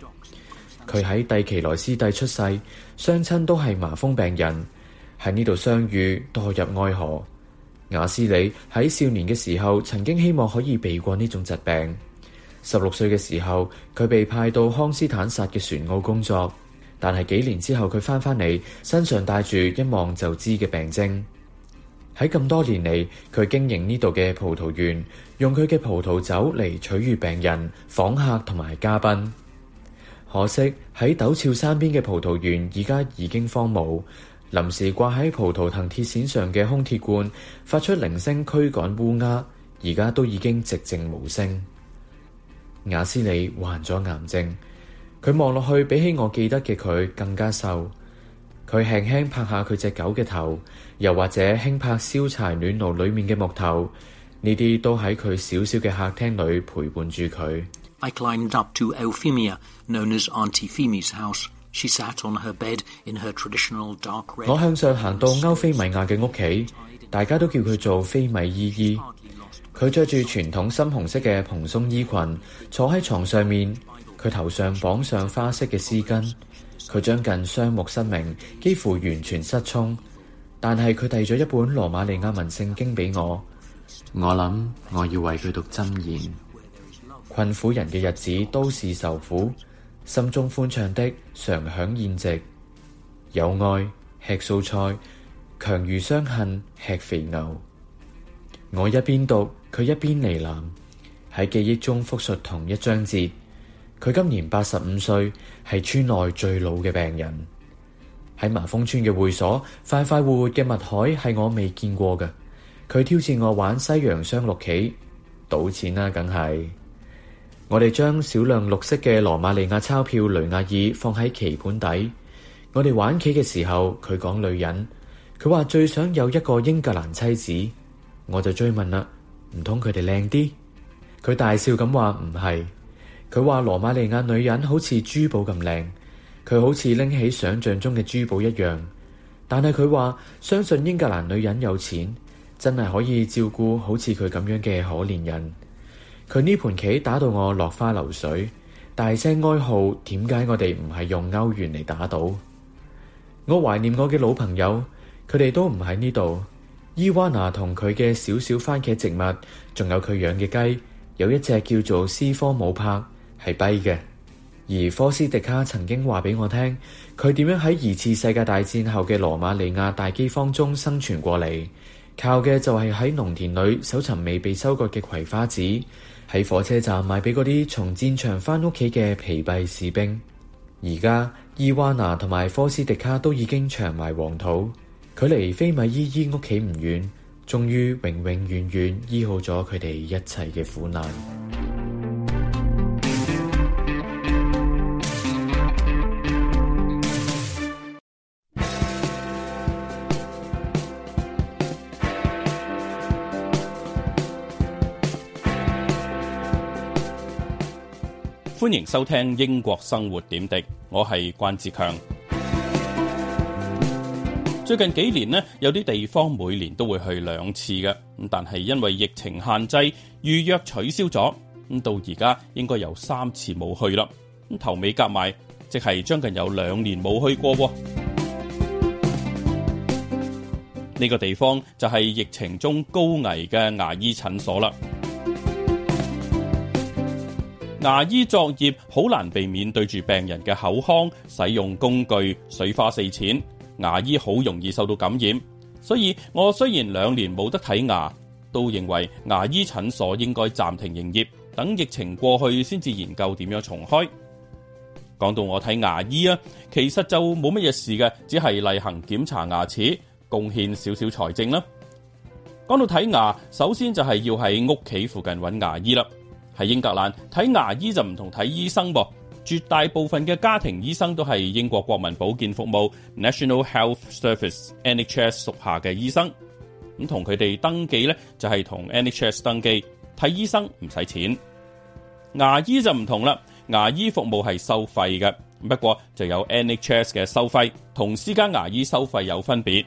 S7: 佢喺蒂奇萊斯蒂出世，雙親都係麻風病人，喺呢度相遇，墮入愛河。雅斯里喺少年嘅時候，曾經希望可以避過呢種疾病。十六歲嘅時候，佢被派到康斯坦薩嘅船澳工作，但係幾年之後，佢翻返嚟，身上帶住一望就知嘅病徵。喺咁多年嚟，佢經營呢度嘅葡萄園，用佢嘅葡萄酒嚟取悅病人、訪客同埋嘉賓。可惜喺陡峭山邊嘅葡萄園，而家已經荒蕪。臨時掛喺葡萄藤鐵線上嘅空鐵罐，發出鈴聲驅趕烏鴉，而家都已經寂靜無聲。雅斯里患咗癌症，佢望落去，比起我記得嘅佢更加瘦。佢輕輕拍下佢隻狗嘅頭，又或者輕拍燒柴暖爐裏面嘅木頭，呢啲都喺佢小小嘅客廳裏陪伴住佢。我向上行到歐菲米亞嘅屋企，大家都叫佢做菲米姨姨。佢着住傳統深紅色嘅蓬鬆衣裙，坐喺床上面。佢頭上綁上花式嘅絲巾。佢將近雙目失明，幾乎完全失聰，但係佢遞咗一本羅馬尼亞文聖經俾我。我諗我要為佢讀箴言。困苦人嘅日子都是受苦。心中歡暢的常享宴席，有愛吃素菜，強如相恨吃肥牛。我一邊讀，佢一邊呢喃喺記憶中複述同一章節。佢今年八十五歲，係村內最老嘅病人。喺麻風村嘅會所，快快活活嘅密海係我未見過嘅。佢挑戰我玩西洋雙陸棋，賭錢啦、啊，梗係。我哋將少量綠色嘅羅馬尼亞鈔票雷亞爾放喺棋盤底。我哋玩棋嘅時候，佢講女人，佢話最想有一個英格蘭妻子。我就追問啦，唔通佢哋靚啲？佢大笑咁話唔係，佢話羅馬尼亞女人好似珠寶咁靚，佢好似拎起想象中嘅珠寶一樣。但係佢話相信英格蘭女人有錢，真係可以照顧好似佢咁樣嘅可憐人。佢呢盤棋打到我落花流水，大聲哀號。點解我哋唔係用歐元嚟打賭？我懷念我嘅老朋友，佢哋都唔喺呢度。伊瓦娜同佢嘅小小番茄植物，仲有佢養嘅雞，有一隻叫做斯科姆帕，係跛嘅。而科斯迪卡曾經話俾我聽，佢點樣喺二次世界大戰後嘅羅馬尼亞大饑荒中生存過嚟，靠嘅就係喺農田裏搜尋未被收割嘅葵花籽。喺火車站賣俾嗰啲從戰場翻屋企嘅疲憊士兵。而家，伊娃娜同埋科斯迪卡都已經長埋黃土，距離菲米依依屋企唔遠，終於永永遠遠醫好咗佢哋一切嘅苦難。
S1: 歡迎收聽英國生活點滴，我係關志強。最近幾年咧，有啲地方每年都會去兩次嘅，咁但係因為疫情限制，預約取消咗，咁到而家應該有三次冇去啦，咁頭尾夾埋，即係將近有兩年冇去過。呢個地方就係疫情中高危嘅牙醫診所啦。牙醫作業好難避免對住病人嘅口腔，使用工具，水花四濺，牙醫好容易受到感染，所以我雖然兩年冇得睇牙，都認為牙醫診所應該暫停營業，等疫情過去先至研究點樣重開。講到我睇牙醫啊，其實就冇乜嘢事嘅，只係例行檢查牙齒，貢獻少少財政啦。講到睇牙，首先就係要喺屋企附近揾牙醫啦。喺英格蘭睇牙醫就唔同睇醫生噃，絕大部分嘅家庭醫生都係英國國民保健服務 （National Health Service，NHS） 屬下嘅醫生。咁同佢哋登記呢，就係同 NHS 登記。睇醫生唔使錢，牙醫就唔同啦。牙醫服務係收費嘅，不過就有 NHS 嘅收費同私家牙醫收費有分別。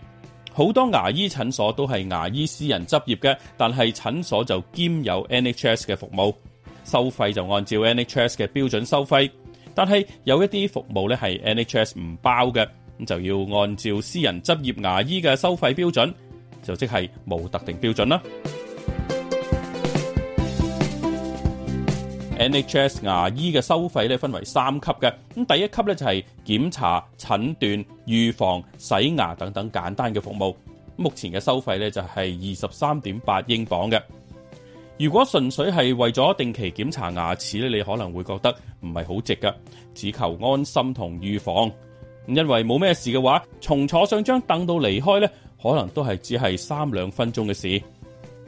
S1: 好多牙醫診所都係牙醫私人執業嘅，但係診所就兼有 NHS 嘅服務。收費就按照 NHS 嘅標準收費，但係有一啲服務咧係 NHS 唔包嘅，咁就要按照私人執業牙醫嘅收費標準，就即係冇特定標準啦。 NHS 牙醫嘅收費咧分為三級嘅，咁第一級咧就係檢查、診斷、預防、洗牙等等簡單嘅服務，目前嘅收費咧就係二十三點八英鎊嘅。如果純粹係為咗定期檢查牙齒咧，你可能會覺得唔係好值噶，只求安心同預防，因為冇咩事嘅話，從坐上張凳到離開咧，可能都係只係三兩分鐘嘅事。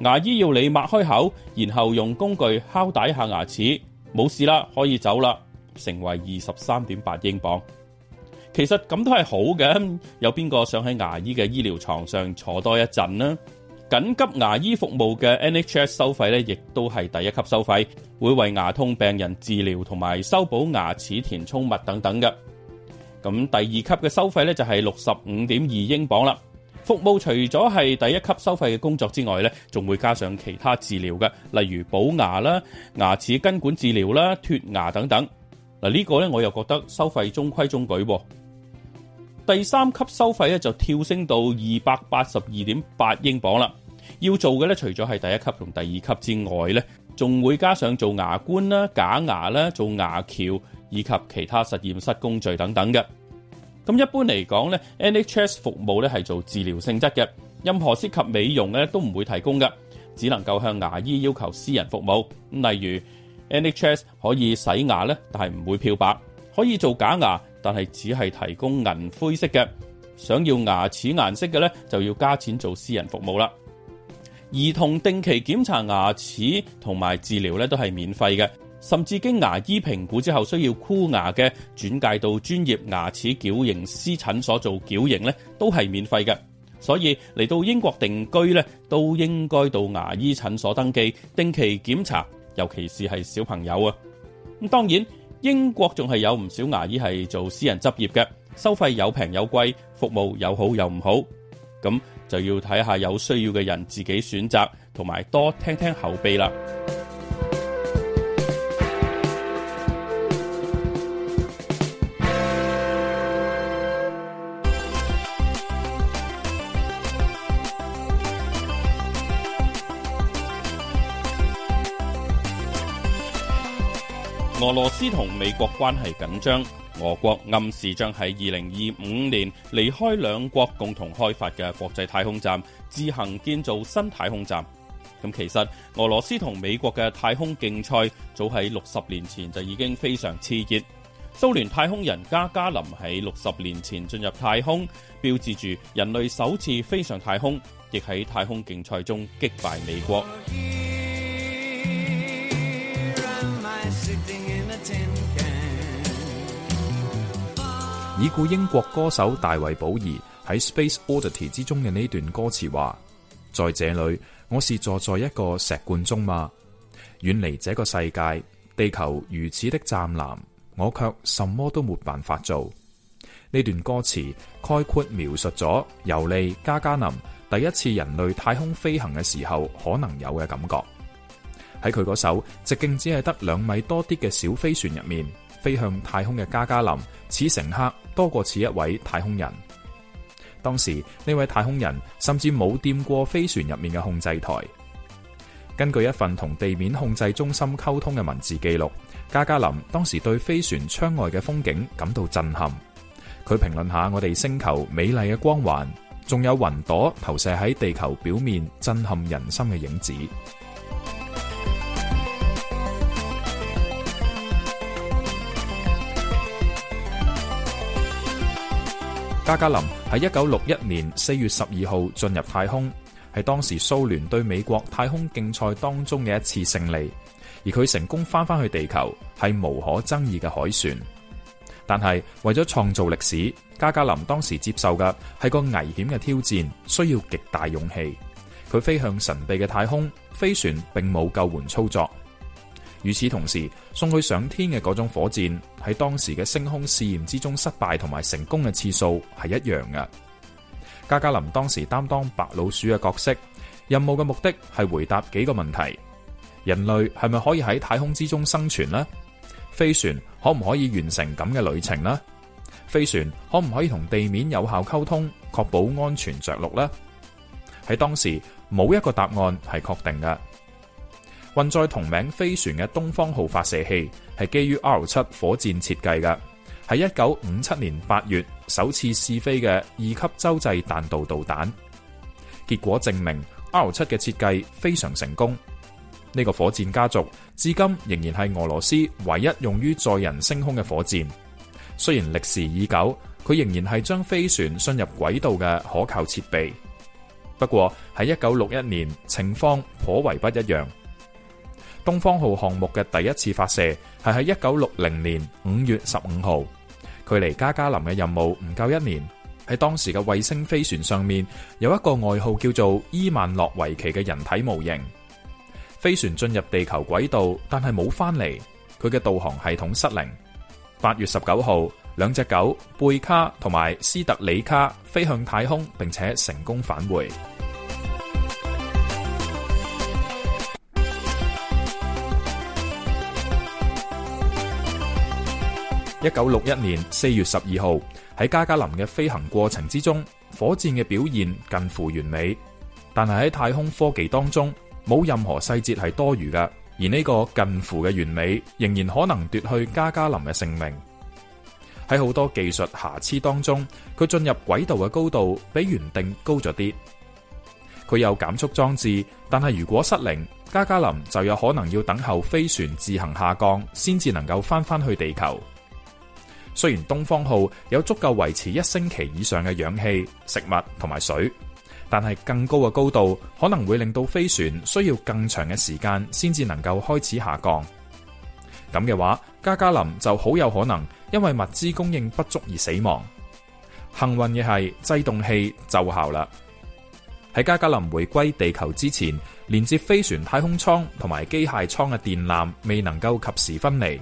S1: 牙醫要你擘開口，然後用工具敲打下牙齒，冇事啦，可以走啦，成為二十三點八英鎊。其實咁都係好嘅，有邊個想喺牙醫嘅醫療床上坐多一陣呢？緊急牙醫服務嘅 NHS 收費咧，亦都係第一級收費，會為牙痛病人治療同埋修補牙齒填充物等等嘅。咁第二級嘅收費咧就係六十五點二英鎊啦。服務除咗係第一級收費嘅工作之外咧，仲會加上其他治療嘅，例如補牙啦、牙齒根管治療啦、脫牙等等。嗱、這、呢個咧我又覺得收費中規中矩噃。第三級收費咧就跳升到二百八十二點八英鎊啦。要做嘅咧，除咗係第一級同第二級之外咧，仲會加上做牙冠啦、假牙啦、做牙橋以及其他實驗室工序等等嘅。咁一般嚟講咧，NHS 服務咧係做治療性質嘅，任何涉及美容咧都唔會提供嘅，只能夠向牙醫要求私人服務。例如 NHS 可以洗牙咧，但係唔會漂白，可以做假牙。但係只係提供銀灰色嘅，想要牙齒顏色嘅呢，就要加錢做私人服務啦。兒童定期檢查牙齒同埋治療呢，都係免費嘅，甚至經牙醫評估之後需要箍牙嘅，轉介到專業牙齒矯形師診所做矯形呢，都係免費嘅。所以嚟到英國定居呢，都應該到牙醫診所登記定期檢查，尤其是係小朋友啊。咁當然。英國仲係有唔少牙醫係做私人執業嘅，收費有平有貴，服務有好有唔好，咁就要睇下有需要嘅人自己選擇，同埋多聽聽口碑啦。俄羅斯同美國關係緊張，俄國暗示將喺二零二五年離開兩國共同開發嘅國際太空站，自行建造新太空站。咁其實俄羅斯同美國嘅太空競賽早喺六十年前就已經非常熾熱。蘇聯太空人加加林喺六十年前進入太空，標誌住人類首次飛上太空，亦喺太空競賽中擊敗美國。
S6: 已故英國歌手大衛保兒喺《Space Oddity》之中嘅呢段歌詞話：在這裏，我是坐在一個石罐中嘛，遠離這個世界，地球如此的湛藍，我卻什麼都沒辦法做。呢段歌詞概括描述咗尤利加加林第一次人類太空飛行嘅時候可能有嘅感覺。喺佢嗰艘直徑只係得兩米多啲嘅小飛船入面，飛向太空嘅加加林，此乘客。多過似一位太空人，當時呢位太空人甚至冇掂過飛船入面嘅控制台。根據一份同地面控制中心溝通嘅文字記錄，加加林當時對飛船窗外嘅風景感到震撼。佢評論下我哋星球美麗嘅光環，仲有雲朵投射喺地球表面震撼人心嘅影子。加加林喺一九六一年四月十二號進入太空，係當時蘇聯對美國太空競賽當中嘅一次勝利，而佢成功翻返去地球，係無可爭議嘅凱旋。但係為咗創造歷史，加加林當時接受嘅係個危險嘅挑戰，需要極大勇氣。佢飛向神秘嘅太空，飛船並冇救援操作。與此同時，送去上天嘅嗰種火箭喺當時嘅星空試驗之中失敗同埋成功嘅次數係一樣嘅。加加林當時擔當白老鼠嘅角色，任務嘅目的係回答幾個問題：人類係咪可以喺太空之中生存呢？飛船可唔可以完成咁嘅旅程呢？飛船可唔可以同地面有效溝通，確保安全着陸呢？喺當時，冇一個答案係確定嘅。運載同名飛船嘅東方號發射器係基於 R 七火箭設計嘅，喺一九五七年八月首次試飛嘅二級洲際彈道導彈。結果證明 R 七嘅設計非常成功。呢個火箭家族至今仍然係俄羅斯唯一用於載人升空嘅火箭。雖然歷時已久，佢仍然係將飛船進入軌道嘅可靠設備。不過喺一九六一年情況頗為不一樣。東方號項目嘅第一次發射係喺一九六零年五月十五號，距離加加林嘅任務唔夠一年。喺當時嘅衛星飛船上面有一個外號叫做伊萬諾維奇嘅人體模型，飛船進入地球軌道，但係冇翻嚟，佢嘅導航系統失靈。八月十九號，兩隻狗貝卡同埋斯特里卡飛向太空，並且成功返回。一九六一年四月十二號喺加加林嘅飛行過程之中，火箭嘅表現近乎完美。但係喺太空科技當中，冇任何細節係多餘嘅。而呢個近乎嘅完美，仍然可能奪去加加林嘅性命。喺好多技術瑕疵當中，佢進入軌道嘅高度比原定高咗啲。佢有減速裝置，但係如果失靈，加加林就有可能要等候飛船自行下降，先至能夠翻返去地球。雖然東方號有足夠維持一星期以上嘅氧氣、食物同埋水，但係更高嘅高度可能會令到飛船需要更長嘅時間先至能夠開始下降。咁嘅話，加加林就好有可能因為物資供應不足而死亡。幸運嘅係製動器奏效啦。喺加加林回歸地球之前，連接飛船太空艙同埋機械艙嘅電纜未能夠及時分離。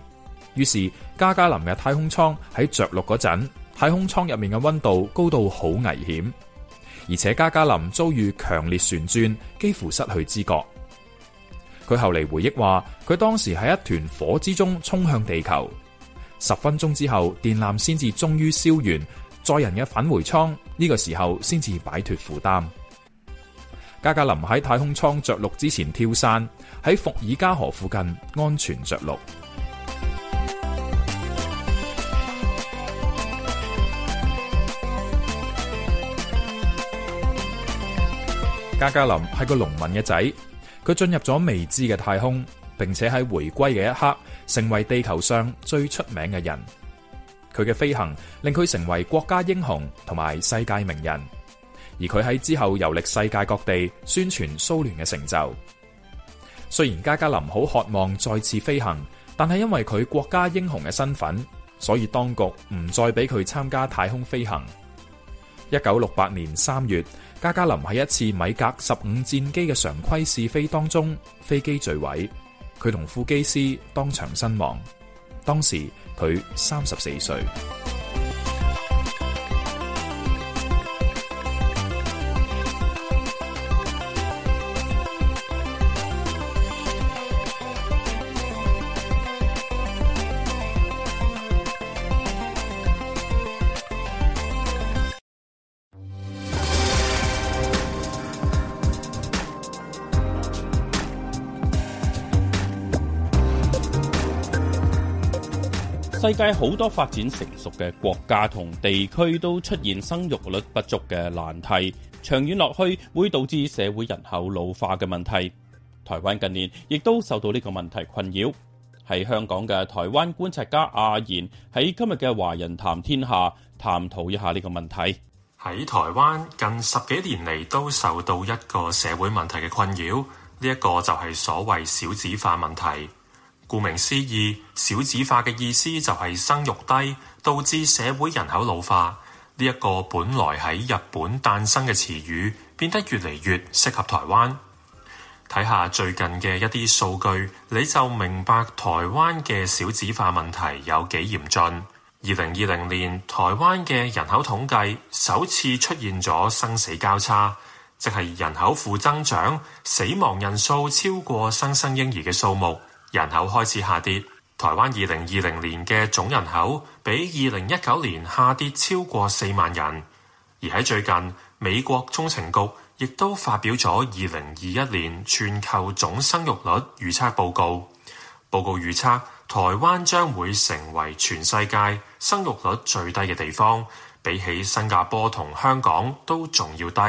S6: 於是加加林嘅太空艙喺着陸嗰陣，太空艙入面嘅溫度高到好危險，而且加加林遭遇強烈旋轉，幾乎失去知覺。佢後嚟回憶話，佢當時喺一團火之中衝向地球。十分鐘之後，電纜先至終於燒完，載人嘅返回艙呢個時候先至擺脫負擔。加加林喺太空艙着陸之前跳傘，喺伏爾加河附近安全着陸。加加林係個農民嘅仔，佢進入咗未知嘅太空，並且喺回歸嘅一刻，成為地球上最出名嘅人。佢嘅飛行令佢成為國家英雄同埋世界名人，而佢喺之後遊歷世界各地宣傳蘇聯嘅成就。雖然加加林好渴望再次飛行，但係因為佢國家英雄嘅身份，所以當局唔再俾佢參加太空飛行。一九六八年三月，加加林喺一次米格十五戰機嘅常規試飛當中，飛機墜毀，佢同副機師當場身亡。當時佢三十四歲。
S1: 世界好多發展成熟嘅國家同地區都出現生育率不足嘅難題，長遠落去會導致社會人口老化嘅問題。台灣近年亦都受到呢個問題困擾。喺香港嘅台灣觀察家阿賢喺今日嘅《華人談天下》探討一下呢個問題。
S8: 喺台灣近十幾年嚟都受到一個社會問題嘅困擾，呢、這、一個就係所謂少子化問題。顧名思義，少子化嘅意思就係生育低，導致社會人口老化。呢一個本來喺日本誕生嘅詞語，變得越嚟越適合台灣。睇下最近嘅一啲數據，你就明白台灣嘅少子化問題有幾嚴峻。二零二零年台灣嘅人口統計首次出現咗生死交叉，即係人口負增長，死亡人數超過新生嬰兒嘅數目。人口開始下跌，台灣二零二零年嘅總人口比二零一九年下跌超過四萬人。而喺最近，美國中情局亦都發表咗二零二一年全球總生育率預測報告。報告預測，台灣將會成為全世界生育率最低嘅地方，比起新加坡同香港都仲要低。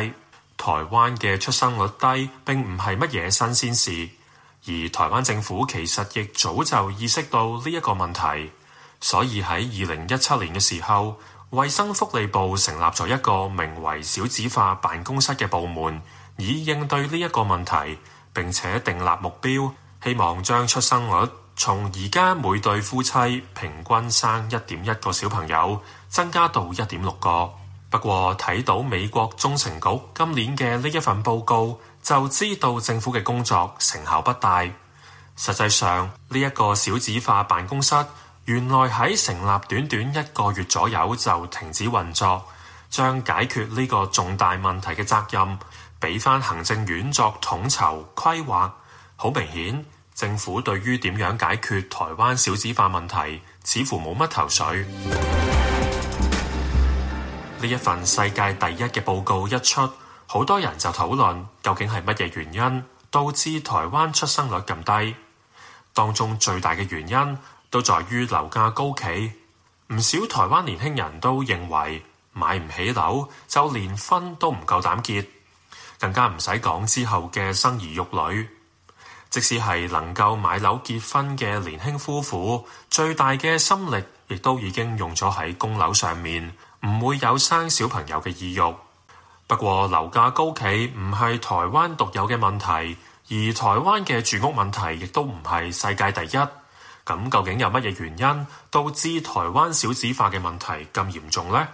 S8: 台灣嘅出生率低並唔係乜嘢新鮮事。而台灣政府其實亦早就意識到呢一個問題，所以喺二零一七年嘅時候，衛生福利部成立咗一個名為少子化辦公室嘅部門，以應對呢一個問題，並且訂立目標，希望將出生率從而家每對夫妻平均生一點一個小朋友，增加到一點六個。不過睇到美國中情局今年嘅呢一份報告，就知道政府嘅工作成效不大。實際上呢一、這個少子化辦公室，原來喺成立短短一個月左右就停止運作，將解決呢個重大問題嘅責任俾翻行政院作統籌規劃，好明顯政府對於點樣解決台灣少子化問題似乎冇乜頭緒。呢 一份世界第一嘅報告一出。好多人就討論究竟係乜嘢原因導致台灣出生率咁低？當中最大嘅原因都在於樓價高企，唔少台灣年輕人都認為買唔起樓，就連婚都唔夠膽結，更加唔使講之後嘅生兒育女。即使係能夠買樓結婚嘅年輕夫婦，最大嘅心力亦都已經用咗喺供樓上面，唔會有生小朋友嘅意欲。不過樓價高企唔係台灣獨有嘅問題，而台灣嘅住屋問題亦都唔係世界第一。咁究竟有乜嘢原因導致台灣少子化嘅問題咁嚴重呢？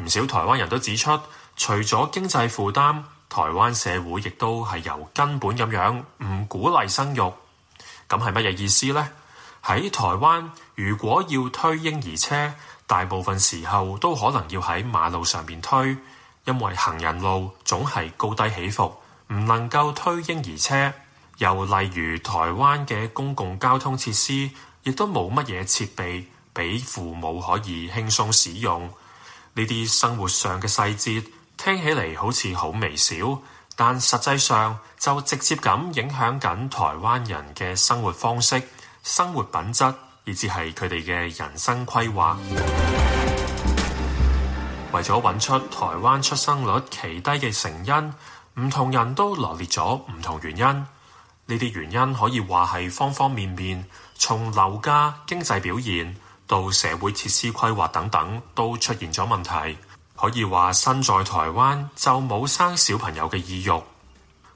S8: 唔少台灣人都指出，除咗經濟負擔，台灣社會亦都係由根本咁樣唔鼓勵生育。咁係乜嘢意思呢？喺台灣，如果要推嬰兒車，大部分時候都可能要喺馬路上面推。因為行人路總係高低起伏，唔能夠推嬰兒車。又例如台灣嘅公共交通設施，亦都冇乜嘢設備俾父母可以輕鬆使用。呢啲生活上嘅細節，聽起嚟好似好微小，但實際上就直接咁影響緊台灣人嘅生活方式、生活品質，以至係佢哋嘅人生規劃。 為咗搵出台灣出生率奇低嘅成因，唔同人都羅列咗唔同原因。呢啲原因可以話係方方面面，從樓價、經濟表現到社會設施規劃等等，都出現咗問題。可以話身在台灣就冇生小朋友嘅意欲。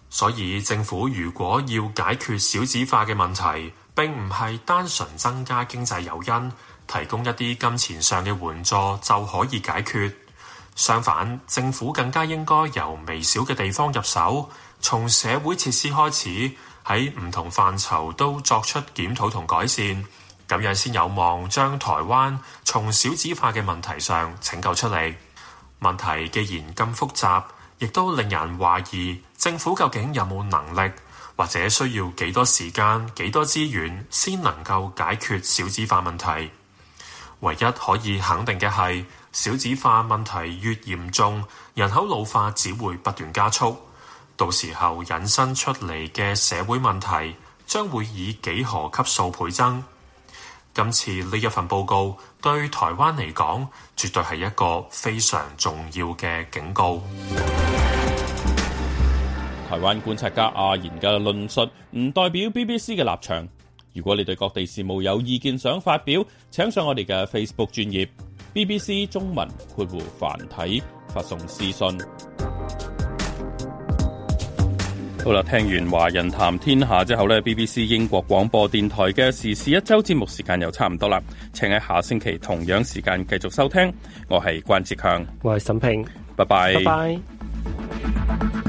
S8: 所以政府如果要解決少子化嘅問題，並唔係單純增加經濟誘因，提供一啲金錢上嘅援助就可以解決。相反，政府更加應該由微小嘅地方入手，從社會設施開始，喺唔同範疇都作出檢討同改善，咁樣先有望將台灣從少子化嘅問題上拯救出嚟。問題既然咁複雜，亦都令人懷疑政府究竟有冇能力，或者需要幾多時間幾多資源先能夠解決少子化問題，唯一可以肯定嘅係。少子化問題越嚴重，人口老化只會不斷加速，到時候引申出嚟嘅社會問題將會以幾何級數倍增。今次呢一份報告對台灣嚟講，絕對係一個非常重要嘅警告。
S1: 台灣觀察家阿言嘅論述唔代表 BBC 嘅立場。如果你對各地事務有意見想發表，請上我哋嘅 Facebook 專頁。BBC 中文括弧繁體發送私信。好啦，聽完華人談天下之後呢，BBC 英國廣播電台嘅時事一周節目時間又差唔多啦，請喺下星期同樣時間繼續收聽。我係關智強，我係沈平，拜拜拜拜。